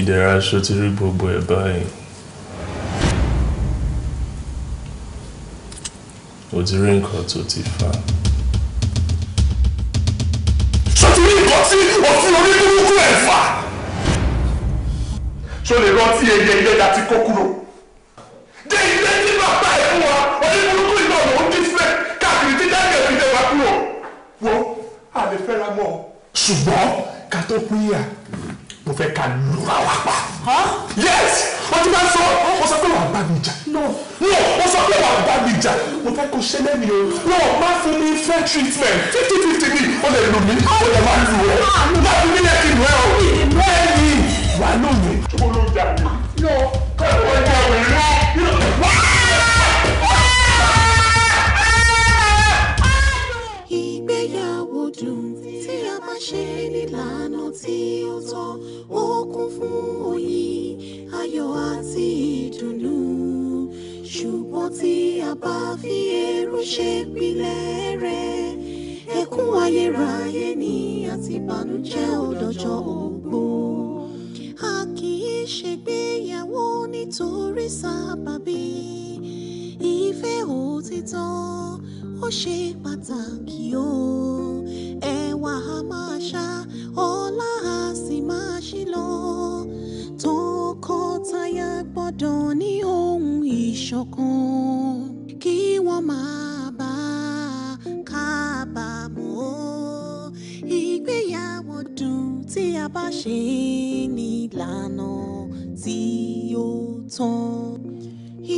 ìdẹ̀ra aṣọ ti rí gbogbo ẹ̀ báyìí ó ti rí nǹkan tó ti fà á. ṣó lè rántí ẹyẹ ilé ìyá tí kó kúrò. dé ilé tí bàbá ẹ̀ fún wa oníburúkú ìlú ọ̀nà ó dín sílẹ̀ káàkiri tí dáàbì ẹ̀fín lè wá kúrò. wo a lè fẹ́ra mọ́ ọ. ṣùgbọ́n ká tó pín yà mo fẹ́ ká lura wa pa. yes o ti bá sọ o sọ pé wàá bá mi jà. no no o sọ pé wàá bá mi jà mo fẹ́ kó ṣe lẹ́mi o. Ah, no má fún mi fair treatment fifty fifty mi o lè lù mí o lè má lù ọ́ má fún mi lẹ́kìn lù ẹ́ o wà lóye. kó ló jà ní. lọ kó ló jà ní. ìgbéyàwó dùn tí a bá ṣe nílànà tí ó tọ́ ó kún fún oyin ayọ̀ àti ìdùnnú ṣùgbọ́n tí a bá fi èrú ṣe gbilẹ̀ rẹ̀ ẹkún ayérayé ni àti ìbànújẹ́ ògbó ṣègbéyàwó nítorí sábàbí ìfẹ́ òtítọ́ ó ṣe pàtàkì o ẹwà á máa ṣá ọlá á sì máa ṣí lọ tọkọtaya gbọ́dọ̀ ní ohun ìṣọ̀kan kí wọ́n máa bá kábàámọ̀ ìgbéyàwó dùn tí a bá ṣe ní ìlànà tí ó tán.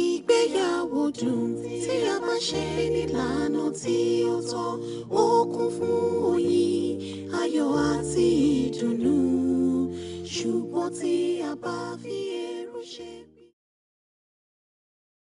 Ìgbéyàwó dùn tí a máa ṣe nílànà tí ó tán ó kún fún oyin ayọ̀ àti ìdùnnú ṣùgbọ́n tí a bá fi èrú ṣe.